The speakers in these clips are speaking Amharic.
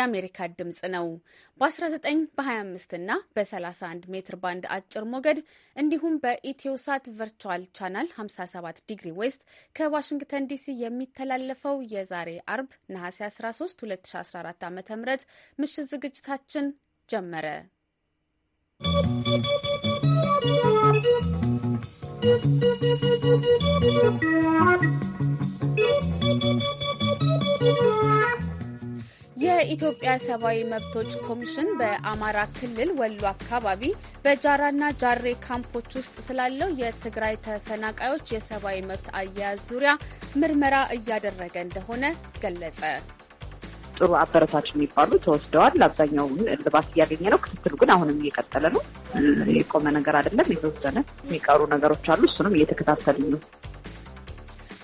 የአሜሪካ ድምፅ ነው። በ19 በ25 እና በ31 ሜትር ባንድ አጭር ሞገድ እንዲሁም በኢትዮሳት ቨርቹዋል ቻናል 57 ዲግሪ ዌስት ከዋሽንግተን ዲሲ የሚተላለፈው የዛሬ አርብ ነሐሴ 13 2014 ዓ ም ምሽት ዝግጅታችን ጀመረ። ¶¶ የኢትዮጵያ ሰብአዊ መብቶች ኮሚሽን በአማራ ክልል ወሎ አካባቢ በጃራና ጃሬ ካምፖች ውስጥ ስላለው የትግራይ ተፈናቃዮች የሰብአዊ መብት አያያዝ ዙሪያ ምርመራ እያደረገ እንደሆነ ገለጸ። ጥሩ አበረታች የሚባሉ ተወስደዋል። አብዛኛውን እልባት እያገኘ ነው። ክትትሉ ግን አሁንም እየቀጠለ ነው። የቆመ ነገር አይደለም። የተወሰነ የሚቀሩ ነገሮች አሉ። እሱንም እየተከታተሉ ነው።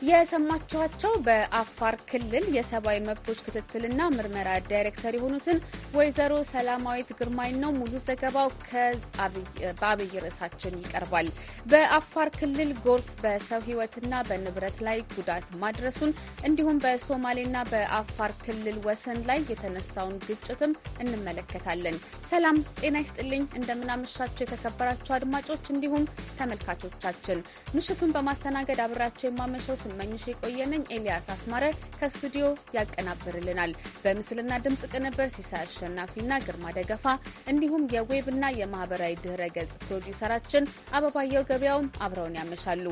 የሰማችኋቸው በአፋር ክልል የሰብአዊ መብቶች ክትትልና ምርመራ ዳይሬክተር የሆኑትን ወይዘሮ ሰላማዊት ግርማይ ነው። ሙሉ ዘገባው በአብይ ርዕሳችን ይቀርባል። በአፋር ክልል ጎርፍ በሰው ሕይወትና በንብረት ላይ ጉዳት ማድረሱን እንዲሁም በሶማሌና በአፋር ክልል ወሰን ላይ የተነሳውን ግጭትም እንመለከታለን። ሰላም ጤና ይስጥልኝ። እንደምናመሻቸው የተከበራቸው አድማጮች እንዲሁም ተመልካቾቻችን ምሽቱን በማስተናገድ አብራቸው የማመሸው ስመኝሽ የቆየነኝ። ኤልያስ አስማረ ከስቱዲዮ ያቀናብርልናል። በምስልና ድምፅ ቅንብር ሲሳይ አሸናፊና ግርማ ደገፋ እንዲሁም የዌብና የማህበራዊ ድህረ ገጽ ፕሮዲውሰራችን አበባየው ገበያውም አብረውን ያመሻሉ።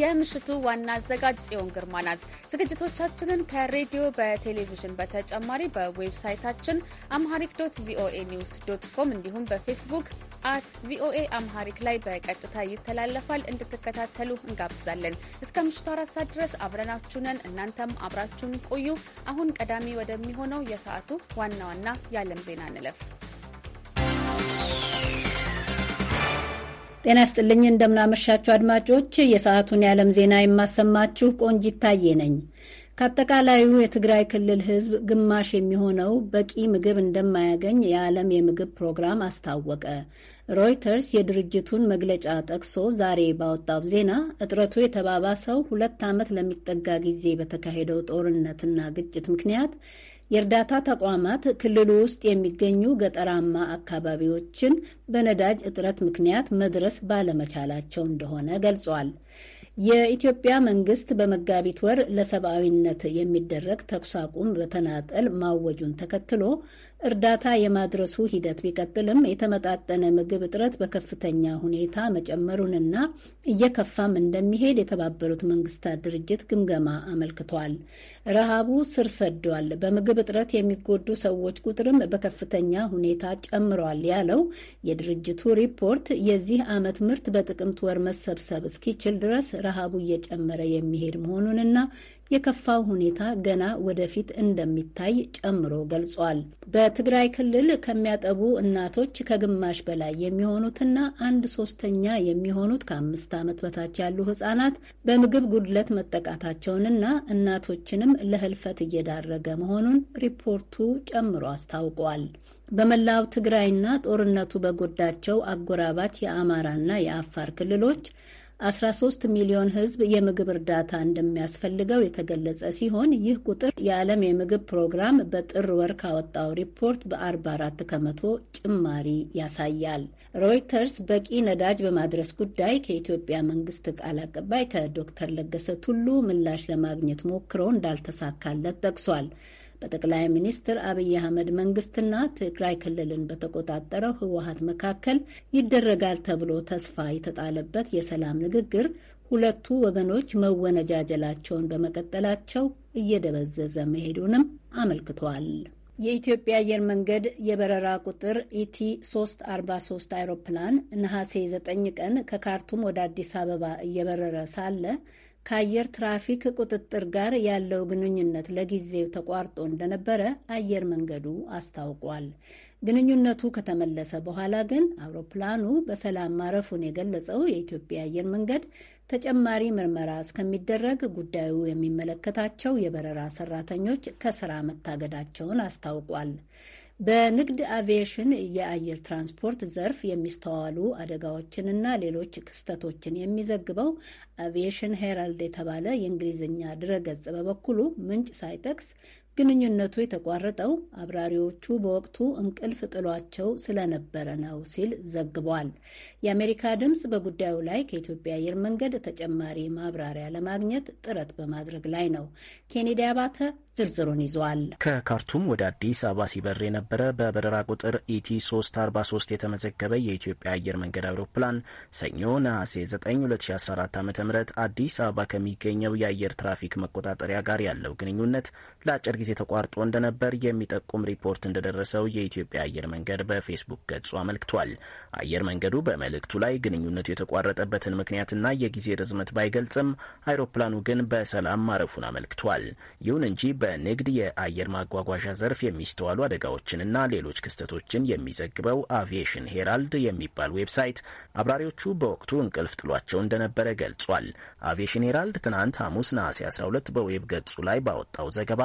የምሽቱ ዋና አዘጋጅ ጽዮን ግርማ ናት። ዝግጅቶቻችንን ከሬዲዮ በቴሌቪዥን በተጨማሪ በዌብሳይታችን አምሃሪክ ዶት ቪኦኤ ኒውስ ዶት ኮም እንዲሁም በፌስቡክ አት ቪኦኤ አምሃሪክ ላይ በቀጥታ ይተላለፋል። እንድትከታተሉ እንጋብዛለን። እስከ ምሽቱ አራት ሰዓት ድረስ አብረናችሁነን፣ እናንተም አብራችሁን ቆዩ። አሁን ቀዳሚ ወደሚሆነው የሰዓቱ ዋና ዋና የዓለም ዜና እንለፍ። ጤና ይስጥልኝ፣ እንደምናመሻችሁ አድማጮች። የሰዓቱን የዓለም ዜና የማሰማችሁ ቆንጂት ታዬ ነኝ። ከአጠቃላዩ የትግራይ ክልል ህዝብ ግማሽ የሚሆነው በቂ ምግብ እንደማያገኝ የዓለም የምግብ ፕሮግራም አስታወቀ። ሮይተርስ የድርጅቱን መግለጫ ጠቅሶ ዛሬ ባወጣው ዜና እጥረቱ የተባባሰው ሁለት ዓመት ለሚጠጋ ጊዜ በተካሄደው ጦርነትና ግጭት ምክንያት የእርዳታ ተቋማት ክልሉ ውስጥ የሚገኙ ገጠራማ አካባቢዎችን በነዳጅ እጥረት ምክንያት መድረስ ባለመቻላቸው እንደሆነ ገልጿል። የኢትዮጵያ መንግስት በመጋቢት ወር ለሰብአዊነት የሚደረግ ተኩስ አቁም በተናጠል ማወጁን ተከትሎ እርዳታ የማድረሱ ሂደት ቢቀጥልም የተመጣጠነ ምግብ እጥረት በከፍተኛ ሁኔታ መጨመሩንና እየከፋም እንደሚሄድ የተባበሩት መንግስታት ድርጅት ግምገማ አመልክቷል። ረሃቡ ስር ሰዷል፣ በምግብ እጥረት የሚጎዱ ሰዎች ቁጥርም በከፍተኛ ሁኔታ ጨምሯል ያለው የድርጅቱ ሪፖርት የዚህ ዓመት ምርት በጥቅምት ወር መሰብሰብ እስኪችል ድረስ ረሃቡ እየጨመረ የሚሄድ መሆኑንና የከፋው ሁኔታ ገና ወደፊት እንደሚታይ ጨምሮ ገልጿል። በትግራይ ክልል ከሚያጠቡ እናቶች ከግማሽ በላይ የሚሆኑትና አንድ ሶስተኛ የሚሆኑት ከአምስት ዓመት በታች ያሉ ህጻናት በምግብ ጉድለት መጠቃታቸውንና እናቶችንም ለህልፈት እየዳረገ መሆኑን ሪፖርቱ ጨምሮ አስታውቋል። በመላው ትግራይና ጦርነቱ በጎዳቸው አጎራባች የአማራና የአፋር ክልሎች 13 ሚሊዮን ሕዝብ የምግብ እርዳታ እንደሚያስፈልገው የተገለጸ ሲሆን ይህ ቁጥር የዓለም የምግብ ፕሮግራም በጥር ወር ካወጣው ሪፖርት በ44 ከመቶ ጭማሪ ያሳያል። ሮይተርስ በቂ ነዳጅ በማድረስ ጉዳይ ከኢትዮጵያ መንግስት ቃል አቀባይ ከዶክተር ለገሰ ቱሉ ምላሽ ለማግኘት ሞክሮ እንዳልተሳካለት ጠቅሷል። በጠቅላይ ሚኒስትር አብይ አህመድ መንግስትና ትግራይ ክልልን በተቆጣጠረው ህወሀት መካከል ይደረጋል ተብሎ ተስፋ የተጣለበት የሰላም ንግግር ሁለቱ ወገኖች መወነጃጀላቸውን በመቀጠላቸው እየደበዘዘ መሄዱንም አመልክቷል። የኢትዮጵያ አየር መንገድ የበረራ ቁጥር ኢቲ 343 አይሮፕላን ነሐሴ 9 ቀን ከካርቱም ወደ አዲስ አበባ እየበረረ ሳለ ከአየር ትራፊክ ቁጥጥር ጋር ያለው ግንኙነት ለጊዜው ተቋርጦ እንደነበረ አየር መንገዱ አስታውቋል። ግንኙነቱ ከተመለሰ በኋላ ግን አውሮፕላኑ በሰላም ማረፉን የገለጸው የኢትዮጵያ አየር መንገድ ተጨማሪ ምርመራ እስከሚደረግ ጉዳዩ የሚመለከታቸው የበረራ ሰራተኞች ከስራ መታገዳቸውን አስታውቋል። በንግድ አቪዬሽን የአየር ትራንስፖርት ዘርፍ የሚስተዋሉ አደጋዎችንና ሌሎች ክስተቶችን የሚዘግበው አቪዬሽን ሄራልድ የተባለ የእንግሊዝኛ ድረገጽ በበኩሉ ምንጭ ሳይጠቅስ ግንኙነቱ የተቋረጠው አብራሪዎቹ በወቅቱ እንቅልፍ ጥሏቸው ስለነበረ ነው ሲል ዘግቧል። የአሜሪካ ድምፅ በጉዳዩ ላይ ከኢትዮጵያ አየር መንገድ ተጨማሪ ማብራሪያ ለማግኘት ጥረት በማድረግ ላይ ነው። ኬኔዲ አባተ ዝርዝሩን ይዟል። ከካርቱም ወደ አዲስ አበባ ሲበር የነበረ በበረራ ቁጥር ኢቲ 343 የተመዘገበ የኢትዮጵያ አየር መንገድ አውሮፕላን ሰኞ ነሐሴ 9 2014 ዓ ም አዲስ አበባ ከሚገኘው የአየር ትራፊክ መቆጣጠሪያ ጋር ያለው ግንኙነት ለአጭር ጊዜ ተቋርጦ እንደነበር የሚጠቁም ሪፖርት እንደደረሰው የኢትዮጵያ አየር መንገድ በፌስቡክ ገጹ አመልክቷል። አየር መንገዱ በመልእክቱ ላይ ግንኙነቱ የተቋረጠበትን ምክንያትና የጊዜ ርዝመት ባይገልጽም አይሮፕላኑ ግን በሰላም ማረፉን አመልክቷል። ይሁን እንጂ በንግድ የአየር ማጓጓዣ ዘርፍ የሚስተዋሉ አደጋዎችንና ሌሎች ክስተቶችን የሚዘግበው አቪዬሽን ሄራልድ የሚባል ዌብሳይት አብራሪዎቹ በወቅቱ እንቅልፍ ጥሏቸው እንደነበረ ገልጿል። አቪዬሽን ሄራልድ ትናንት ሐሙስ ነሐሴ 12 በዌብ ገጹ ላይ ባወጣው ዘገባ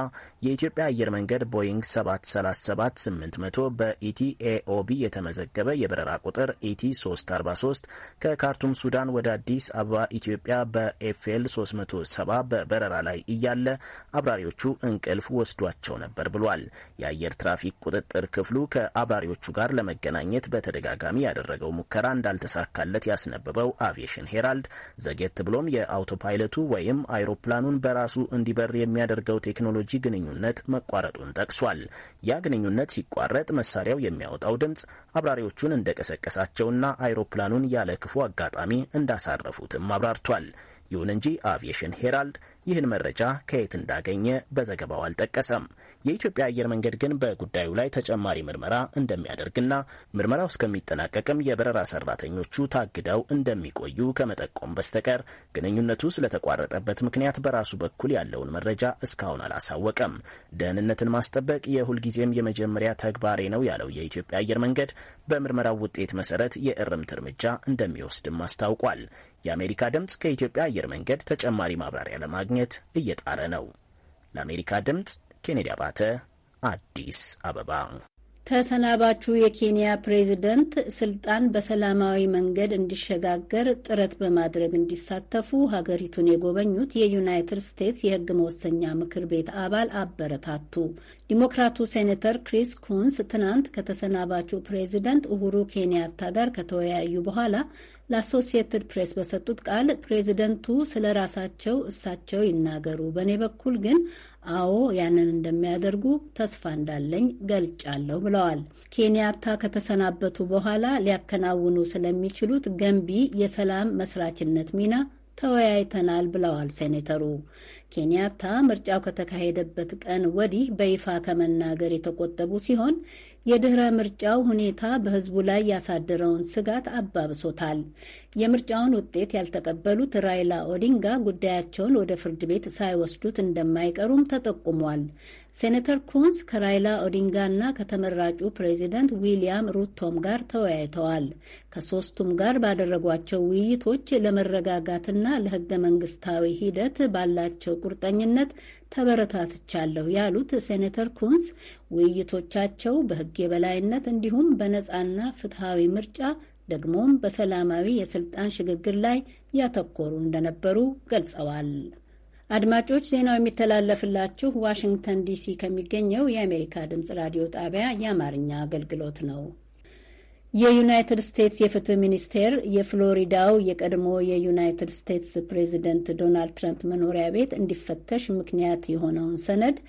የኢትዮጵያ አየር መንገድ ቦይንግ 737-800 በኢቲ ኤኦቢ የተመዘገበ የበረራ ቁጥር ኢቲ 343 ከካርቱም ሱዳን ወደ አዲስ አበባ ኢትዮጵያ በኤፍኤል 370 በበረራ ላይ እያለ አብራሪዎቹ እንቅልፍ ወስዷቸው ነበር ብሏል። የአየር ትራፊክ ቁጥጥር ክፍሉ ከአባሪዎቹ ጋር ለመገናኘት በተደጋጋሚ ያደረገው ሙከራ እንዳልተሳካለት ያስነበበው አቪዬሽን ሄራልድ ዘጌት ብሎም የአውቶፓይለቱ ወይም አይሮፕላኑን በራሱ እንዲበር የሚያደርገው ቴክኖሎጂ ግንኙነት መቋረጡን ጠቅሷል። ያ ግንኙነት ሲቋረጥ መሳሪያው የሚያወጣው ድምፅ አብራሪዎቹን እንደቀሰቀሳቸውና አይሮፕላኑን ያለ ክፉ አጋጣሚ እንዳሳረፉትም አብራርቷል። ይሁን እንጂ አቪዬሽን ሄራልድ ይህን መረጃ ከየት እንዳገኘ በዘገባው አልጠቀሰም። የኢትዮጵያ አየር መንገድ ግን በጉዳዩ ላይ ተጨማሪ ምርመራ እንደሚያደርግና ምርመራው እስከሚጠናቀቅም የበረራ ሰራተኞቹ ታግደው እንደሚቆዩ ከመጠቆም በስተቀር ግንኙነቱ ስለተቋረጠበት ምክንያት በራሱ በኩል ያለውን መረጃ እስካሁን አላሳወቀም። ደህንነትን ማስጠበቅ የሁልጊዜም የመጀመሪያ ተግባሬ ነው ያለው የኢትዮጵያ አየር መንገድ በምርመራው ውጤት መሰረት የእርምት እርምጃ እንደሚወስድም አስታውቋል። የአሜሪካ ድምፅ ከኢትዮጵያ አየር መንገድ ተጨማሪ ማብራሪያ ለማግኘት እየጣረ ነው። ለአሜሪካ ድምፅ ኬኔዲ አባተ፣ አዲስ አበባ። ተሰናባቹ የኬንያ ፕሬዚደንት ስልጣን በሰላማዊ መንገድ እንዲሸጋገር ጥረት በማድረግ እንዲሳተፉ ሀገሪቱን የጎበኙት የዩናይትድ ስቴትስ የሕግ መወሰኛ ምክር ቤት አባል አበረታቱ። ዲሞክራቱ ሴኔተር ክሪስ ኩንስ ትናንት ከተሰናባቹ ፕሬዚደንት ኡሁሩ ኬንያታ ጋር ከተወያዩ በኋላ ለአሶሲየትድ ፕሬስ በሰጡት ቃል ፕሬዚደንቱ ስለ ራሳቸው እሳቸው ይናገሩ፣ በእኔ በኩል ግን አዎ ያንን እንደሚያደርጉ ተስፋ እንዳለኝ ገልጫለሁ ብለዋል። ኬንያታ ከተሰናበቱ በኋላ ሊያከናውኑ ስለሚችሉት ገንቢ የሰላም መስራችነት ሚና ተወያይተናል ብለዋል ሴኔተሩ። ኬንያታ ምርጫው ከተካሄደበት ቀን ወዲህ በይፋ ከመናገር የተቆጠቡ ሲሆን የድኅረ ምርጫው ሁኔታ በሕዝቡ ላይ ያሳደረውን ስጋት አባብሶታል። የምርጫውን ውጤት ያልተቀበሉት ራይላ ኦዲንጋ ጉዳያቸውን ወደ ፍርድ ቤት ሳይወስዱት እንደማይቀሩም ተጠቁሟል። ሴኔተር ኩንስ ከራይላ ኦዲንጋ እና ከተመራጩ ፕሬዚደንት ዊሊያም ሩቶም ጋር ተወያይተዋል። ከሦስቱም ጋር ባደረጓቸው ውይይቶች ለመረጋጋትና ለሕገ መንግስታዊ ሂደት ባላቸው ቁርጠኝነት ተበረታትቻለሁ ያሉት ሴኔተር ኩንስ ውይይቶቻቸው በሕግ የበላይነት እንዲሁም በነጻና ፍትሐዊ ምርጫ ደግሞም በሰላማዊ የስልጣን ሽግግር ላይ ያተኮሩ እንደነበሩ ገልጸዋል። አድማጮች፣ ዜናው የሚተላለፍላችሁ ዋሽንግተን ዲሲ ከሚገኘው የአሜሪካ ድምፅ ራዲዮ ጣቢያ የአማርኛ አገልግሎት ነው። የዩናይትድ ስቴትስ የፍትህ ሚኒስቴር የፍሎሪዳው የቀድሞ የዩናይትድ ስቴትስ ፕሬዚደንት ዶናልድ ትራምፕ መኖሪያ ቤት እንዲፈተሽ ምክንያት የሆነውን ሰነድ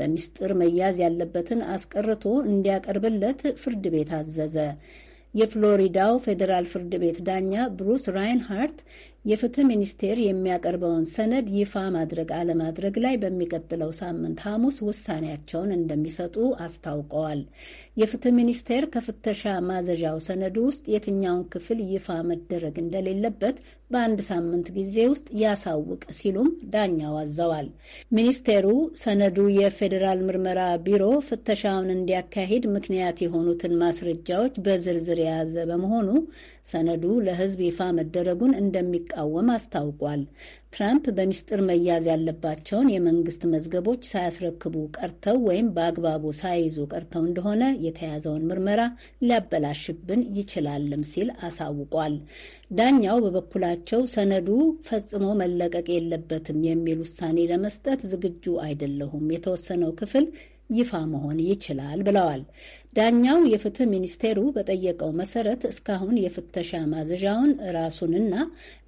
በሚስጥር መያዝ ያለበትን አስቀርቶ እንዲያቀርብለት ፍርድ ቤት አዘዘ። የፍሎሪዳው ፌዴራል ፍርድ ቤት ዳኛ ብሩስ ራይንሃርት የፍትህ ሚኒስቴር የሚያቀርበውን ሰነድ ይፋ ማድረግ አለማድረግ ላይ በሚቀጥለው ሳምንት ሐሙስ ውሳኔያቸውን እንደሚሰጡ አስታውቀዋል። የፍትህ ሚኒስቴር ከፍተሻ ማዘዣው ሰነዱ ውስጥ የትኛውን ክፍል ይፋ መደረግ እንደሌለበት በአንድ ሳምንት ጊዜ ውስጥ ያሳውቅ ሲሉም ዳኛው አዘዋል። ሚኒስቴሩ ሰነዱ የፌዴራል ምርመራ ቢሮ ፍተሻውን እንዲያካሂድ ምክንያት የሆኑትን ማስረጃዎች በዝርዝር የያዘ በመሆኑ ሰነዱ ለሕዝብ ይፋ መደረጉን እንደሚቃወም አስታውቋል። ትራምፕ በሚስጥር መያዝ ያለባቸውን የመንግስት መዝገቦች ሳያስረክቡ ቀርተው ወይም በአግባቡ ሳይይዙ ቀርተው እንደሆነ የተያዘውን ምርመራ ሊያበላሽብን ይችላልም ሲል አሳውቋል። ዳኛው በበኩላቸው ሰነዱ ፈጽሞ መለቀቅ የለበትም የሚል ውሳኔ ለመስጠት ዝግጁ አይደለሁም፣ የተወሰነው ክፍል ይፋ መሆን ይችላል ብለዋል። ዳኛው የፍትህ ሚኒስቴሩ በጠየቀው መሰረት እስካሁን የፍተሻ ማዘዣውን ራሱንና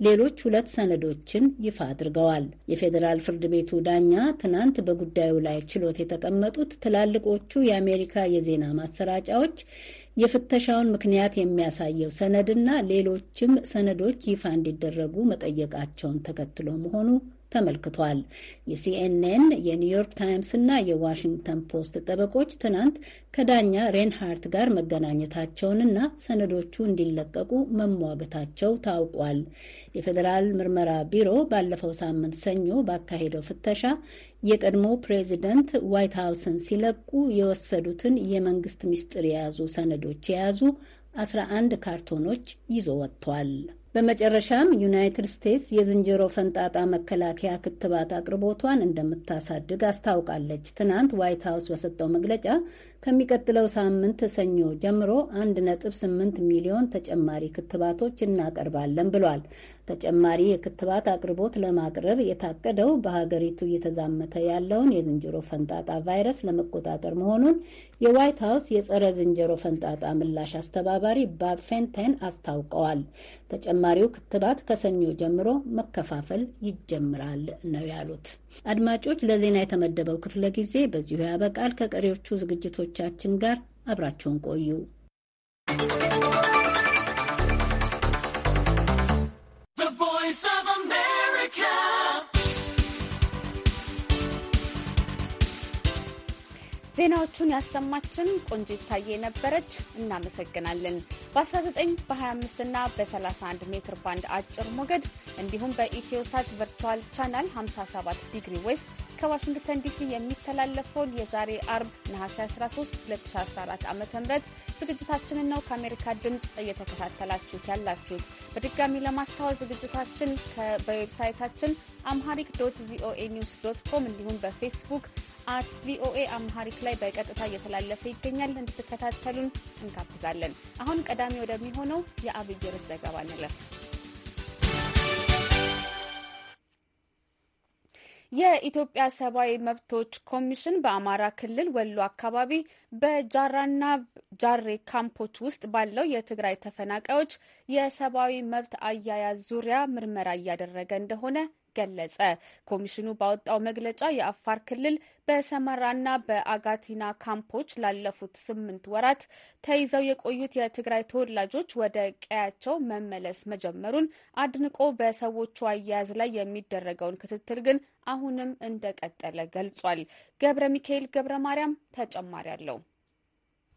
ሌሎች ሁለት ሰነዶችን ይፋ አድርገዋል። የፌዴራል ፍርድ ቤቱ ዳኛ ትናንት በጉዳዩ ላይ ችሎት የተቀመጡት ትላልቆቹ የአሜሪካ የዜና ማሰራጫዎች የፍተሻውን ምክንያት የሚያሳየው ሰነድና ሌሎችም ሰነዶች ይፋ እንዲደረጉ መጠየቃቸውን ተከትሎ መሆኑ ተመልክቷል። የሲኤንኤን የኒውዮርክ ታይምስና የዋሽንግተን ፖስት ጠበቆች ትናንት ከዳኛ ሬንሃርት ጋር መገናኘታቸውንና ሰነዶቹ እንዲለቀቁ መሟገታቸው ታውቋል። የፌዴራል ምርመራ ቢሮ ባለፈው ሳምንት ሰኞ ባካሄደው ፍተሻ የቀድሞ ፕሬዚደንት ዋይት ሀውስን ሲለቁ የወሰዱትን የመንግስት ሚስጥር የያዙ ሰነዶች የያዙ 11 ካርቶኖች ይዞ ወጥቷል። በመጨረሻም ዩናይትድ ስቴትስ የዝንጀሮ ፈንጣጣ መከላከያ ክትባት አቅርቦቷን እንደምታሳድግ አስታውቃለች። ትናንት ዋይት ሀውስ በሰጠው መግለጫ ከሚቀጥለው ሳምንት ሰኞ ጀምሮ 1.8 ሚሊዮን ተጨማሪ ክትባቶች እናቀርባለን ብሏል። ተጨማሪ የክትባት አቅርቦት ለማቅረብ የታቀደው በሀገሪቱ እየተዛመተ ያለውን የዝንጀሮ ፈንጣጣ ቫይረስ ለመቆጣጠር መሆኑን የዋይት ሀውስ የጸረ ዝንጀሮ ፈንጣጣ ምላሽ አስተባባሪ ባብ ፌንተን አስታውቀዋል። ተጨማሪው ክትባት ከሰኞ ጀምሮ መከፋፈል ይጀምራል ነው ያሉት። አድማጮች፣ ለዜና የተመደበው ክፍለ ጊዜ በዚሁ ያበቃል። ከቀሪዎቹ ዝግጅቶቻችን ጋር አብራችሁን ቆዩ። ዜናዎቹን ያሰማችን ቆንጂ ይታየ ነበረች። እናመሰግናለን። በ19 በ25 እና በ31 ሜትር ባንድ አጭር ሞገድ እንዲሁም በኢትዮሳት ቨርቹዋል ቻናል 57 ዲግሪ ዌስት ከዋሽንግተን ዲሲ የሚተላለፈውን የዛሬ አርብ ነሐሴ 13 2014 ዓ ም ዝግጅታችንን ነው ከአሜሪካ ድምፅ እየተከታተላችሁት ያላችሁት። በድጋሚ ለማስታወስ ዝግጅታችን በዌብሳይታችን አምሃሪክ ዶት ቪኦኤ ኒውስ ዶት ኮም እንዲሁም በፌስቡክ አት ቪኦኤ አምሃሪክ ላይ በቀጥታ እየተላለፈ ይገኛል። እንድትከታተሉን እንጋብዛለን። አሁን ቀዳሚ ወደሚሆነው የአብይ ርዕስ ዘገባ እንለፍ። የኢትዮጵያ ሰብአዊ መብቶች ኮሚሽን በአማራ ክልል ወሎ አካባቢ በጃራና ጃሬ ካምፖች ውስጥ ባለው የትግራይ ተፈናቃዮች የሰብአዊ መብት አያያዝ ዙሪያ ምርመራ እያደረገ እንደሆነ ገለጸ። ኮሚሽኑ ባወጣው መግለጫ የአፋር ክልል በሰመራና በአጋቲና ካምፖች ላለፉት ስምንት ወራት ተይዘው የቆዩት የትግራይ ተወላጆች ወደ ቀያቸው መመለስ መጀመሩን አድንቆ በሰዎቹ አያያዝ ላይ የሚደረገውን ክትትል ግን አሁንም እንደቀጠለ ገልጿል። ገብረ ሚካኤል ገብረ ማርያም ተጨማሪ አለው።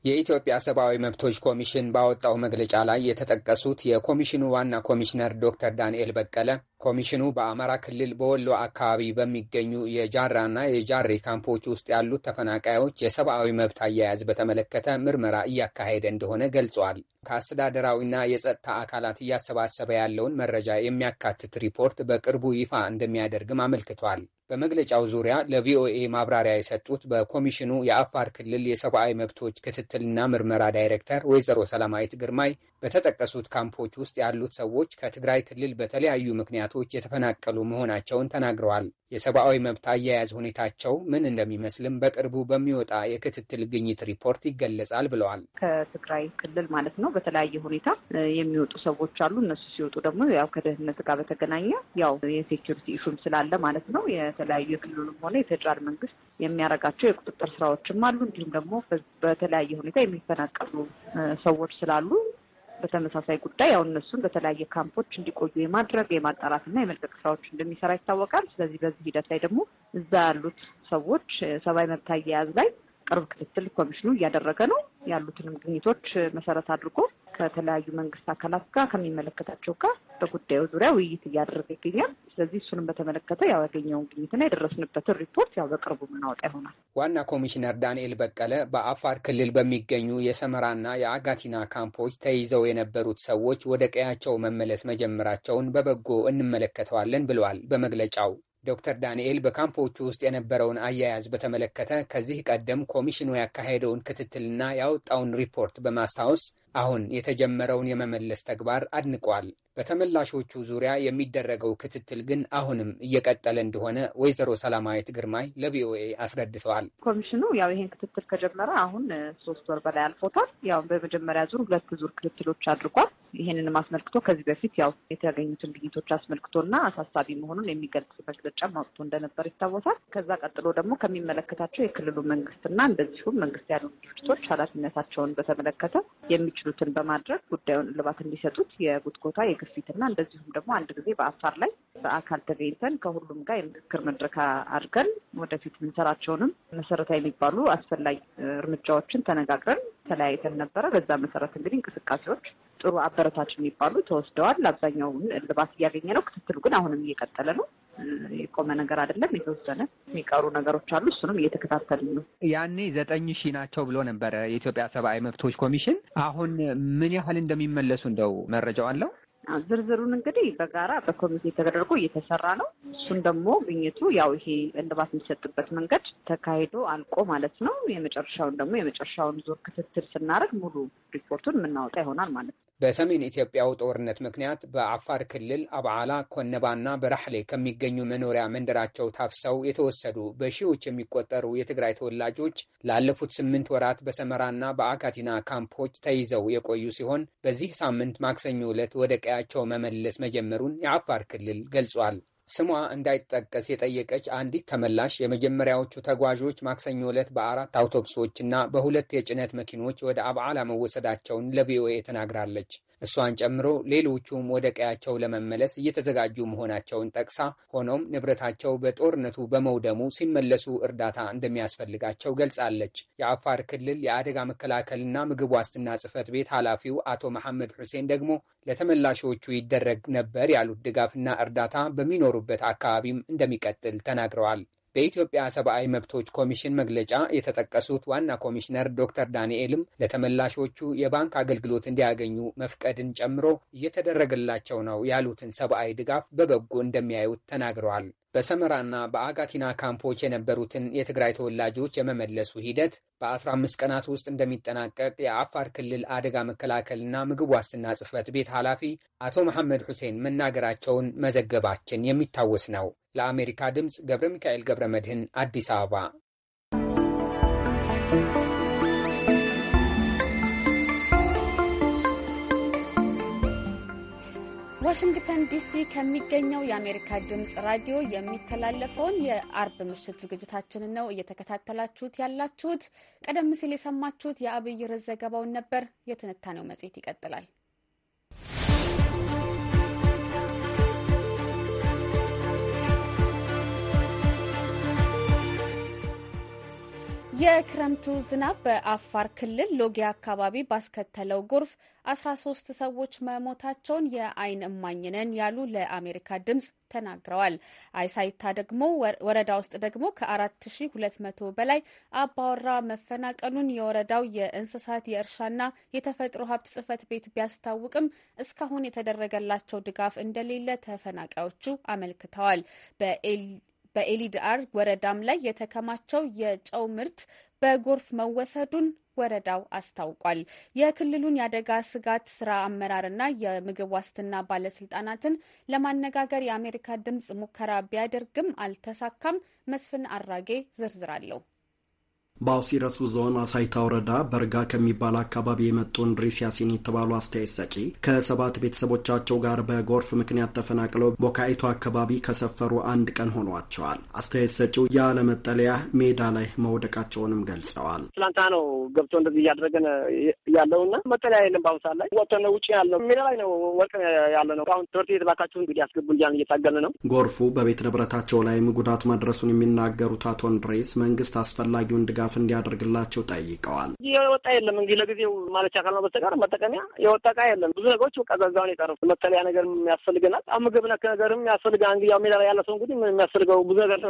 የኢትዮጵያ ሰብአዊ መብቶች ኮሚሽን ባወጣው መግለጫ ላይ የተጠቀሱት የኮሚሽኑ ዋና ኮሚሽነር ዶክተር ዳንኤል በቀለ ኮሚሽኑ በአማራ ክልል በወሎ አካባቢ በሚገኙ የጃራና የጃሬ ካምፖች ውስጥ ያሉት ተፈናቃዮች የሰብአዊ መብት አያያዝ በተመለከተ ምርመራ እያካሄደ እንደሆነ ገልጿል። ከአስተዳደራዊና የጸጥታ አካላት እያሰባሰበ ያለውን መረጃ የሚያካትት ሪፖርት በቅርቡ ይፋ እንደሚያደርግም አመልክቷል። በመግለጫው ዙሪያ ለቪኦኤ ማብራሪያ የሰጡት በኮሚሽኑ የአፋር ክልል የሰብአዊ መብቶች ክትትልና ምርመራ ዳይሬክተር ወይዘሮ ሰላማዊት ግርማይ በተጠቀሱት ካምፖች ውስጥ ያሉት ሰዎች ከትግራይ ክልል በተለያዩ ምክንያቶች የተፈናቀሉ መሆናቸውን ተናግረዋል። የሰብአዊ መብት አያያዝ ሁኔታቸው ምን እንደሚመስልም በቅርቡ በሚወጣ የክትትል ግኝት ሪፖርት ይገለጻል ብለዋል። ከትግራይ ክልል ማለት ነው በተለያየ ሁኔታ የሚወጡ ሰዎች አሉ። እነሱ ሲወጡ ደግሞ ያው ከደህንነት ጋር በተገናኘ ያው የሴኪሪቲ ኢሹም ስላለ ማለት ነው የተለያዩ የክልሉም ሆነ የፌዴራል መንግስት የሚያደርጋቸው የቁጥጥር ስራዎችም አሉ። እንዲሁም ደግሞ በተለያየ ሁኔታ የሚፈናቀሉ ሰዎች ስላሉ በተመሳሳይ ጉዳይ ያው እነሱን በተለያየ ካምፖች እንዲቆዩ የማድረግ የማጣራትና የመልቀቅ ስራዎች እንደሚሰራ ይታወቃል። ስለዚህ በዚህ ሂደት ላይ ደግሞ እዛ ያሉት ሰዎች ሰብአዊ መብት አያያዝ ላይ ቅርብ ክትትል ኮሚሽኑ እያደረገ ነው። ያሉትንም ግኝቶች መሰረት አድርጎ ከተለያዩ መንግስት አካላት ጋር ከሚመለከታቸው ጋር በጉዳዩ ዙሪያ ውይይት እያደረገ ይገኛል። ስለዚህ እሱንም በተመለከተ ያው ያገኘውን ግኝትና የደረስንበትን ሪፖርት ያው በቅርቡ ምናወጣ ይሆናል። ዋና ኮሚሽነር ዳንኤል በቀለ በአፋር ክልል በሚገኙ የሰመራና የአጋቲና ካምፖች ተይዘው የነበሩት ሰዎች ወደ ቀያቸው መመለስ መጀመራቸውን በበጎ እንመለከተዋለን ብለዋል በመግለጫው። ዶክተር ዳንኤል በካምፖቹ ውስጥ የነበረውን አያያዝ በተመለከተ ከዚህ ቀደም ኮሚሽኑ ያካሄደውን ክትትልና ያወጣውን ሪፖርት በማስታወስ አሁን የተጀመረውን የመመለስ ተግባር አድንቋል። በተመላሾቹ ዙሪያ የሚደረገው ክትትል ግን አሁንም እየቀጠለ እንደሆነ ወይዘሮ ሰላማዊት ግርማይ ለቪኦኤ አስረድተዋል። ኮሚሽኑ ያው ይሄን ክትትል ከጀመረ አሁን ሶስት ወር በላይ አልፎታል። ያው በመጀመሪያ ዙር ሁለት ዙር ክትትሎች አድርጓል። ይህንንም አስመልክቶ ከዚህ በፊት ያው የተገኙትን ግኝቶች አስመልክቶና አሳሳቢ መሆኑን የሚገልጽ መግለጫ አውጥቶ እንደነበር ይታወሳል። ከዛ ቀጥሎ ደግሞ ከሚመለከታቸው የክልሉ መንግስትና እንደዚሁም መንግስት ያሉ ድርጅቶች ኃላፊነታቸውን በተመለከተ የሚች የሚችሉትን በማድረግ ጉዳዩን እልባት እንዲሰጡት የጉትጎታ የግፊትና እንደዚሁም ደግሞ አንድ ጊዜ በአፋር ላይ በአካል ተገኝተን ከሁሉም ጋር የምክክር መድረክ አድርገን ወደፊት የምንሰራቸውንም መሰረታዊ የሚባሉ አስፈላጊ እርምጃዎችን ተነጋግረን ተለያይተን ነበረ። በዛ መሰረት እንግዲህ እንቅስቃሴዎች ጥሩ አበረታች የሚባሉ ተወስደዋል። አብዛኛውን እልባት እያገኘ ነው። ክትትሉ ግን አሁንም እየቀጠለ ነው። የቆመ ነገር አይደለም። የተወሰነ የሚቀሩ ነገሮች አሉ። እሱንም እየተከታተልን ነው። ያኔ ዘጠኝ ሺህ ናቸው ብሎ ነበረ የኢትዮጵያ ሰብአዊ መብቶች ኮሚሽን። አሁን ምን ያህል እንደሚመለሱ እንደው መረጃው አለው? ዝርዝሩን እንግዲህ በጋራ በኮሚቴ ተደርጎ እየተሰራ ነው። እሱን ደግሞ ግኝቱ ያው ይሄ እልባት የሚሰጥበት መንገድ ተካሂዶ አልቆ ማለት ነው። የመጨረሻውን ደግሞ የመጨረሻውን ዙር ክትትል ስናደርግ ሙሉ ሪፖርቱን የምናወጣ ይሆናል ማለት ነው። በሰሜን ኢትዮጵያው ጦርነት ምክንያት በአፋር ክልል አብዓላ፣ ኮነባና በራሕሌ ከሚገኙ መኖሪያ መንደራቸው ታፍሰው የተወሰዱ በሺዎች የሚቆጠሩ የትግራይ ተወላጆች ላለፉት ስምንት ወራት በሰመራና በአካቲና ካምፖች ተይዘው የቆዩ ሲሆን በዚህ ሳምንት ማክሰኞ ዕለት ወደ ቀያቸው መመለስ መጀመሩን የአፋር ክልል ገልጿል። ስሟ እንዳይጠቀስ የጠየቀች አንዲት ተመላሽ የመጀመሪያዎቹ ተጓዦች ማክሰኞ ዕለት በአራት አውቶቡሶችና በሁለት የጭነት መኪኖች ወደ አብዓላ መወሰዳቸውን ለቪኦኤ ተናግራለች። እሷን ጨምሮ ሌሎቹም ወደ ቀያቸው ለመመለስ እየተዘጋጁ መሆናቸውን ጠቅሳ፣ ሆኖም ንብረታቸው በጦርነቱ በመውደሙ ሲመለሱ እርዳታ እንደሚያስፈልጋቸው ገልጻለች። የአፋር ክልል የአደጋ መከላከልና ምግብ ዋስትና ጽህፈት ቤት ኃላፊው አቶ መሐመድ ሁሴን ደግሞ ለተመላሾቹ ይደረግ ነበር ያሉት ድጋፍና እርዳታ በሚኖሩበት አካባቢም እንደሚቀጥል ተናግረዋል። በኢትዮጵያ ሰብአዊ መብቶች ኮሚሽን መግለጫ የተጠቀሱት ዋና ኮሚሽነር ዶክተር ዳንኤልም ለተመላሾቹ የባንክ አገልግሎት እንዲያገኙ መፍቀድን ጨምሮ እየተደረገላቸው ነው ያሉትን ሰብአዊ ድጋፍ በበጎ እንደሚያዩት ተናግረዋል። በሰመራና በአጋቲና ካምፖች የነበሩትን የትግራይ ተወላጆች የመመለሱ ሂደት በ15 ቀናት ውስጥ እንደሚጠናቀቅ የአፋር ክልል አደጋ መከላከልና ምግብ ዋስትና ጽህፈት ቤት ኃላፊ አቶ መሐመድ ሁሴን መናገራቸውን መዘገባችን የሚታወስ ነው። ለአሜሪካ ድምፅ ገብረ ሚካኤል ገብረ መድህን አዲስ አበባ ዋሽንግተን ዲሲ ከሚገኘው የአሜሪካ ድምፅ ራዲዮ የሚተላለፈውን የአርብ ምሽት ዝግጅታችንን ነው እየተከታተላችሁት ያላችሁት። ቀደም ሲል የሰማችሁት የአብይ ርዕስ ዘገባውን ነበር። የትንታኔው መጽሔት ይቀጥላል። የክረምቱ ዝናብ በአፋር ክልል ሎጊያ አካባቢ ባስከተለው ጎርፍ 13 ሰዎች መሞታቸውን የአይን እማኝ ነን ያሉ ለአሜሪካ ድምጽ ተናግረዋል። አይሳይታ ደግሞ ወረዳ ውስጥ ደግሞ ከ4200 በላይ አባወራ መፈናቀሉን የወረዳው የእንስሳት የእርሻና የተፈጥሮ ሀብት ጽህፈት ቤት ቢያስታውቅም እስካሁን የተደረገላቸው ድጋፍ እንደሌለ ተፈናቃዮቹ አመልክተዋል። በኤሊድአር ወረዳም ላይ የተከማቸው የጨው ምርት በጎርፍ መወሰዱን ወረዳው አስታውቋል። የክልሉን የአደጋ ስጋት ስራ አመራርና የምግብ ዋስትና ባለስልጣናትን ለማነጋገር የአሜሪካ ድምፅ ሙከራ ቢያደርግም አልተሳካም። መስፍን አራጌ ዝርዝር አለው። በአውሲረሱ ዞን አሳይታ ወረዳ በርጋ ከሚባል አካባቢ የመጡ እንድሪስ ያሲን የተባሉ አስተያየት ሰጪ ከሰባት ቤተሰቦቻቸው ጋር በጎርፍ ምክንያት ተፈናቅለው ቦካይቱ አካባቢ ከሰፈሩ አንድ ቀን ሆኗቸዋል። አስተያየት ሰጪው ያለመጠለያ ሜዳ ላይ መውደቃቸውንም ገልጸዋል። ትላንታ ነው ገብቶ እንደዚህ እያደረገን ያለውና መጠለያ የለም። በአሁኑ ሰዓት ላይ ወጥተን ውጭ ያለው ሜዳ ላይ ነው ወርቅ ያለ ነው። አሁን ትምህርት ቤት ባካችሁ እንግዲህ ያስገቡ እያልን እየታገልን ነው። ጎርፉ በቤት ንብረታቸው ላይም ጉዳት ማድረሱን የሚናገሩት አቶ እንድሬስ መንግስት አስፈላጊውን ድጋ ድጋፍ እንዲያደርግላቸው ጠይቀዋል። የወጣ የለም እንግዲህ ለጊዜው ማለቻ ካልነው በስተቀር መጠቀሚያ የወጣ እቃ የለም። ብዙ ነገሮች በቃ ዛዛውን የቀሩ መጠለያ ነገር ያስፈልገናል። ምግብ ነክ ነገርም ያስፈልገ እንግዲህ ያው ሜዳ ላይ ያለ ሰው እንግዲህ የሚያስፈልገው ብዙ ነገር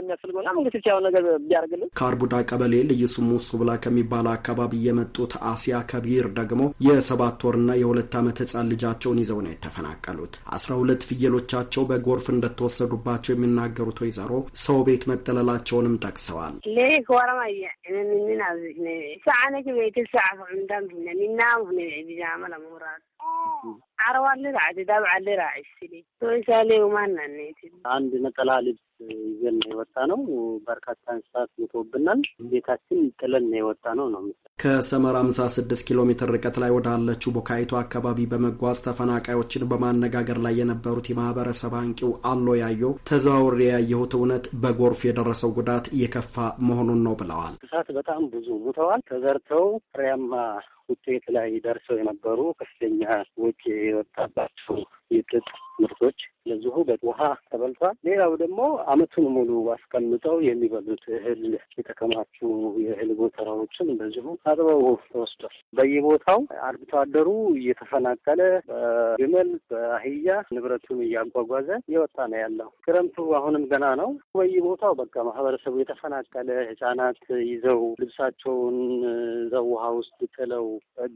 የሚያስፈልገው ና መንግስት ያው ነገር ቢያደርግልን። ከአርቡዳ ቀበሌ ልዩ ስሙ ሱብላ ከሚባል አካባቢ የመጡት አሲያ ከቢር ደግሞ የሰባት ወርና የሁለት ዓመት ህጻን ልጃቸውን ይዘው ነው የተፈናቀሉት። አስራ ሁለት ፍየሎቻቸው በጎርፍ እንደተወሰዱባቸው የሚናገሩት ወይዘሮ ሰው ቤት መጠለላቸውንም ጠቅሰዋል። هيا من من ساعة نجي بيت ساعة عندهم هنا من نام هنا بجامع الأمورات አንድ ነጠላ ልብስ ይዘን ነው የወጣ ነው። በርካታ እንስሳት ሙቶብናል። ቤታችን ጥለን ነው የወጣ ነው ነው ከሰመራ 56 ኪሎ ሜትር ርቀት ላይ ወዳለችው ቦካይቱ አካባቢ በመጓዝ ተፈናቃዮችን በማነጋገር ላይ የነበሩት የማህበረሰብ አንቂው አሎ ያየው ተዘዋውሬ ያየሁት እውነት በጎርፍ የደረሰው ጉዳት እየከፋ መሆኑን ነው ብለዋል። እሳት በጣም ብዙ ሙተዋል። ተዘርተው ፍሬያማ ውጤት ላይ ደርሰው የነበሩ ከፍተኛ ውጭ የወጣባቸው የጥጥ ምርቶች በውሃ ተበልቷል። ሌላው ደግሞ አመቱን ሙሉ አስቀምጠው የሚበሉት እህል የተከማቹ የእህል ጎተራዎችን እንደዚሁ አጥበው ተወስዷል። በየቦታው አርብቶ አደሩ እየተፈናቀለ በግመል በአህያ ንብረቱን እያጓጓዘ እየወጣ ነው ያለው። ክረምቱ አሁንም ገና ነው። በየቦታው በቃ ማህበረሰቡ የተፈናቀለ ህጻናት ይዘው ልብሳቸውን እዛው ውሃ ውስጥ ጥለው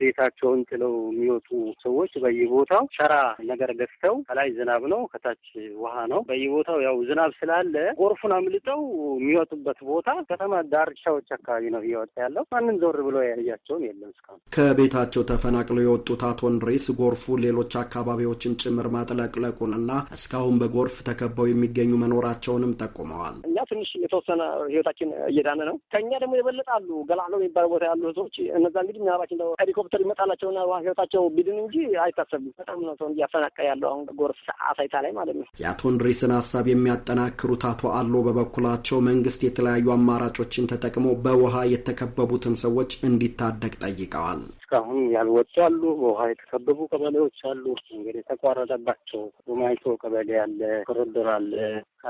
ቤታቸውን ጥለው የሚወጡ ሰዎች በየቦታው ሸራ ነገር ገዝተው ከላይ ዝናብ ነው ከታች ውሃ ነው። በየቦታው ያው ዝናብ ስላለ ጎርፉን አምልጠው የሚወጡበት ቦታ ከተማ ዳርቻዎች አካባቢ ነው እየወጣ ያለው። ማንም ዞር ብሎ ያያቸውም የለም እስካሁን። ከቤታቸው ተፈናቅለው የወጡት አቶ እንድሬስ ጎርፉ ሌሎች አካባቢዎችን ጭምር ማጥለቅለቁን እና እስካሁን በጎርፍ ተከበው የሚገኙ መኖራቸውንም ጠቁመዋል። ትንሽ የተወሰነ ህይወታችን እየዳነ ነው። ከእኛ ደግሞ የበለጠ አሉ። ገላሎ የሚባል ቦታ ያሉ ህዝቦች እነዛ እንግዲህ ምናልባት እንደው ሄሊኮፕተር ይመጣላቸውና ህይወታቸው ቢድን እንጂ አይታሰብም። በጣም ነው ሰው እያፈናቀ ያለው አሁን ጎርፍ አሳይታ ላይ ማለት ነው። የአቶ እንድሪስን ሀሳብ የሚያጠናክሩት አቶ አሎ በበኩላቸው መንግስት የተለያዩ አማራጮችን ተጠቅሞ በውሃ የተከበቡትን ሰዎች እንዲታደግ ጠይቀዋል። እስካሁን ያልወጡ አሉ። በውሃ የተከበቡ ቀበሌዎች አሉ። እንግዲህ የተቋረጠባቸው ሩማይቶ ቀበሌ አለ፣ ኮረዶር አለ፣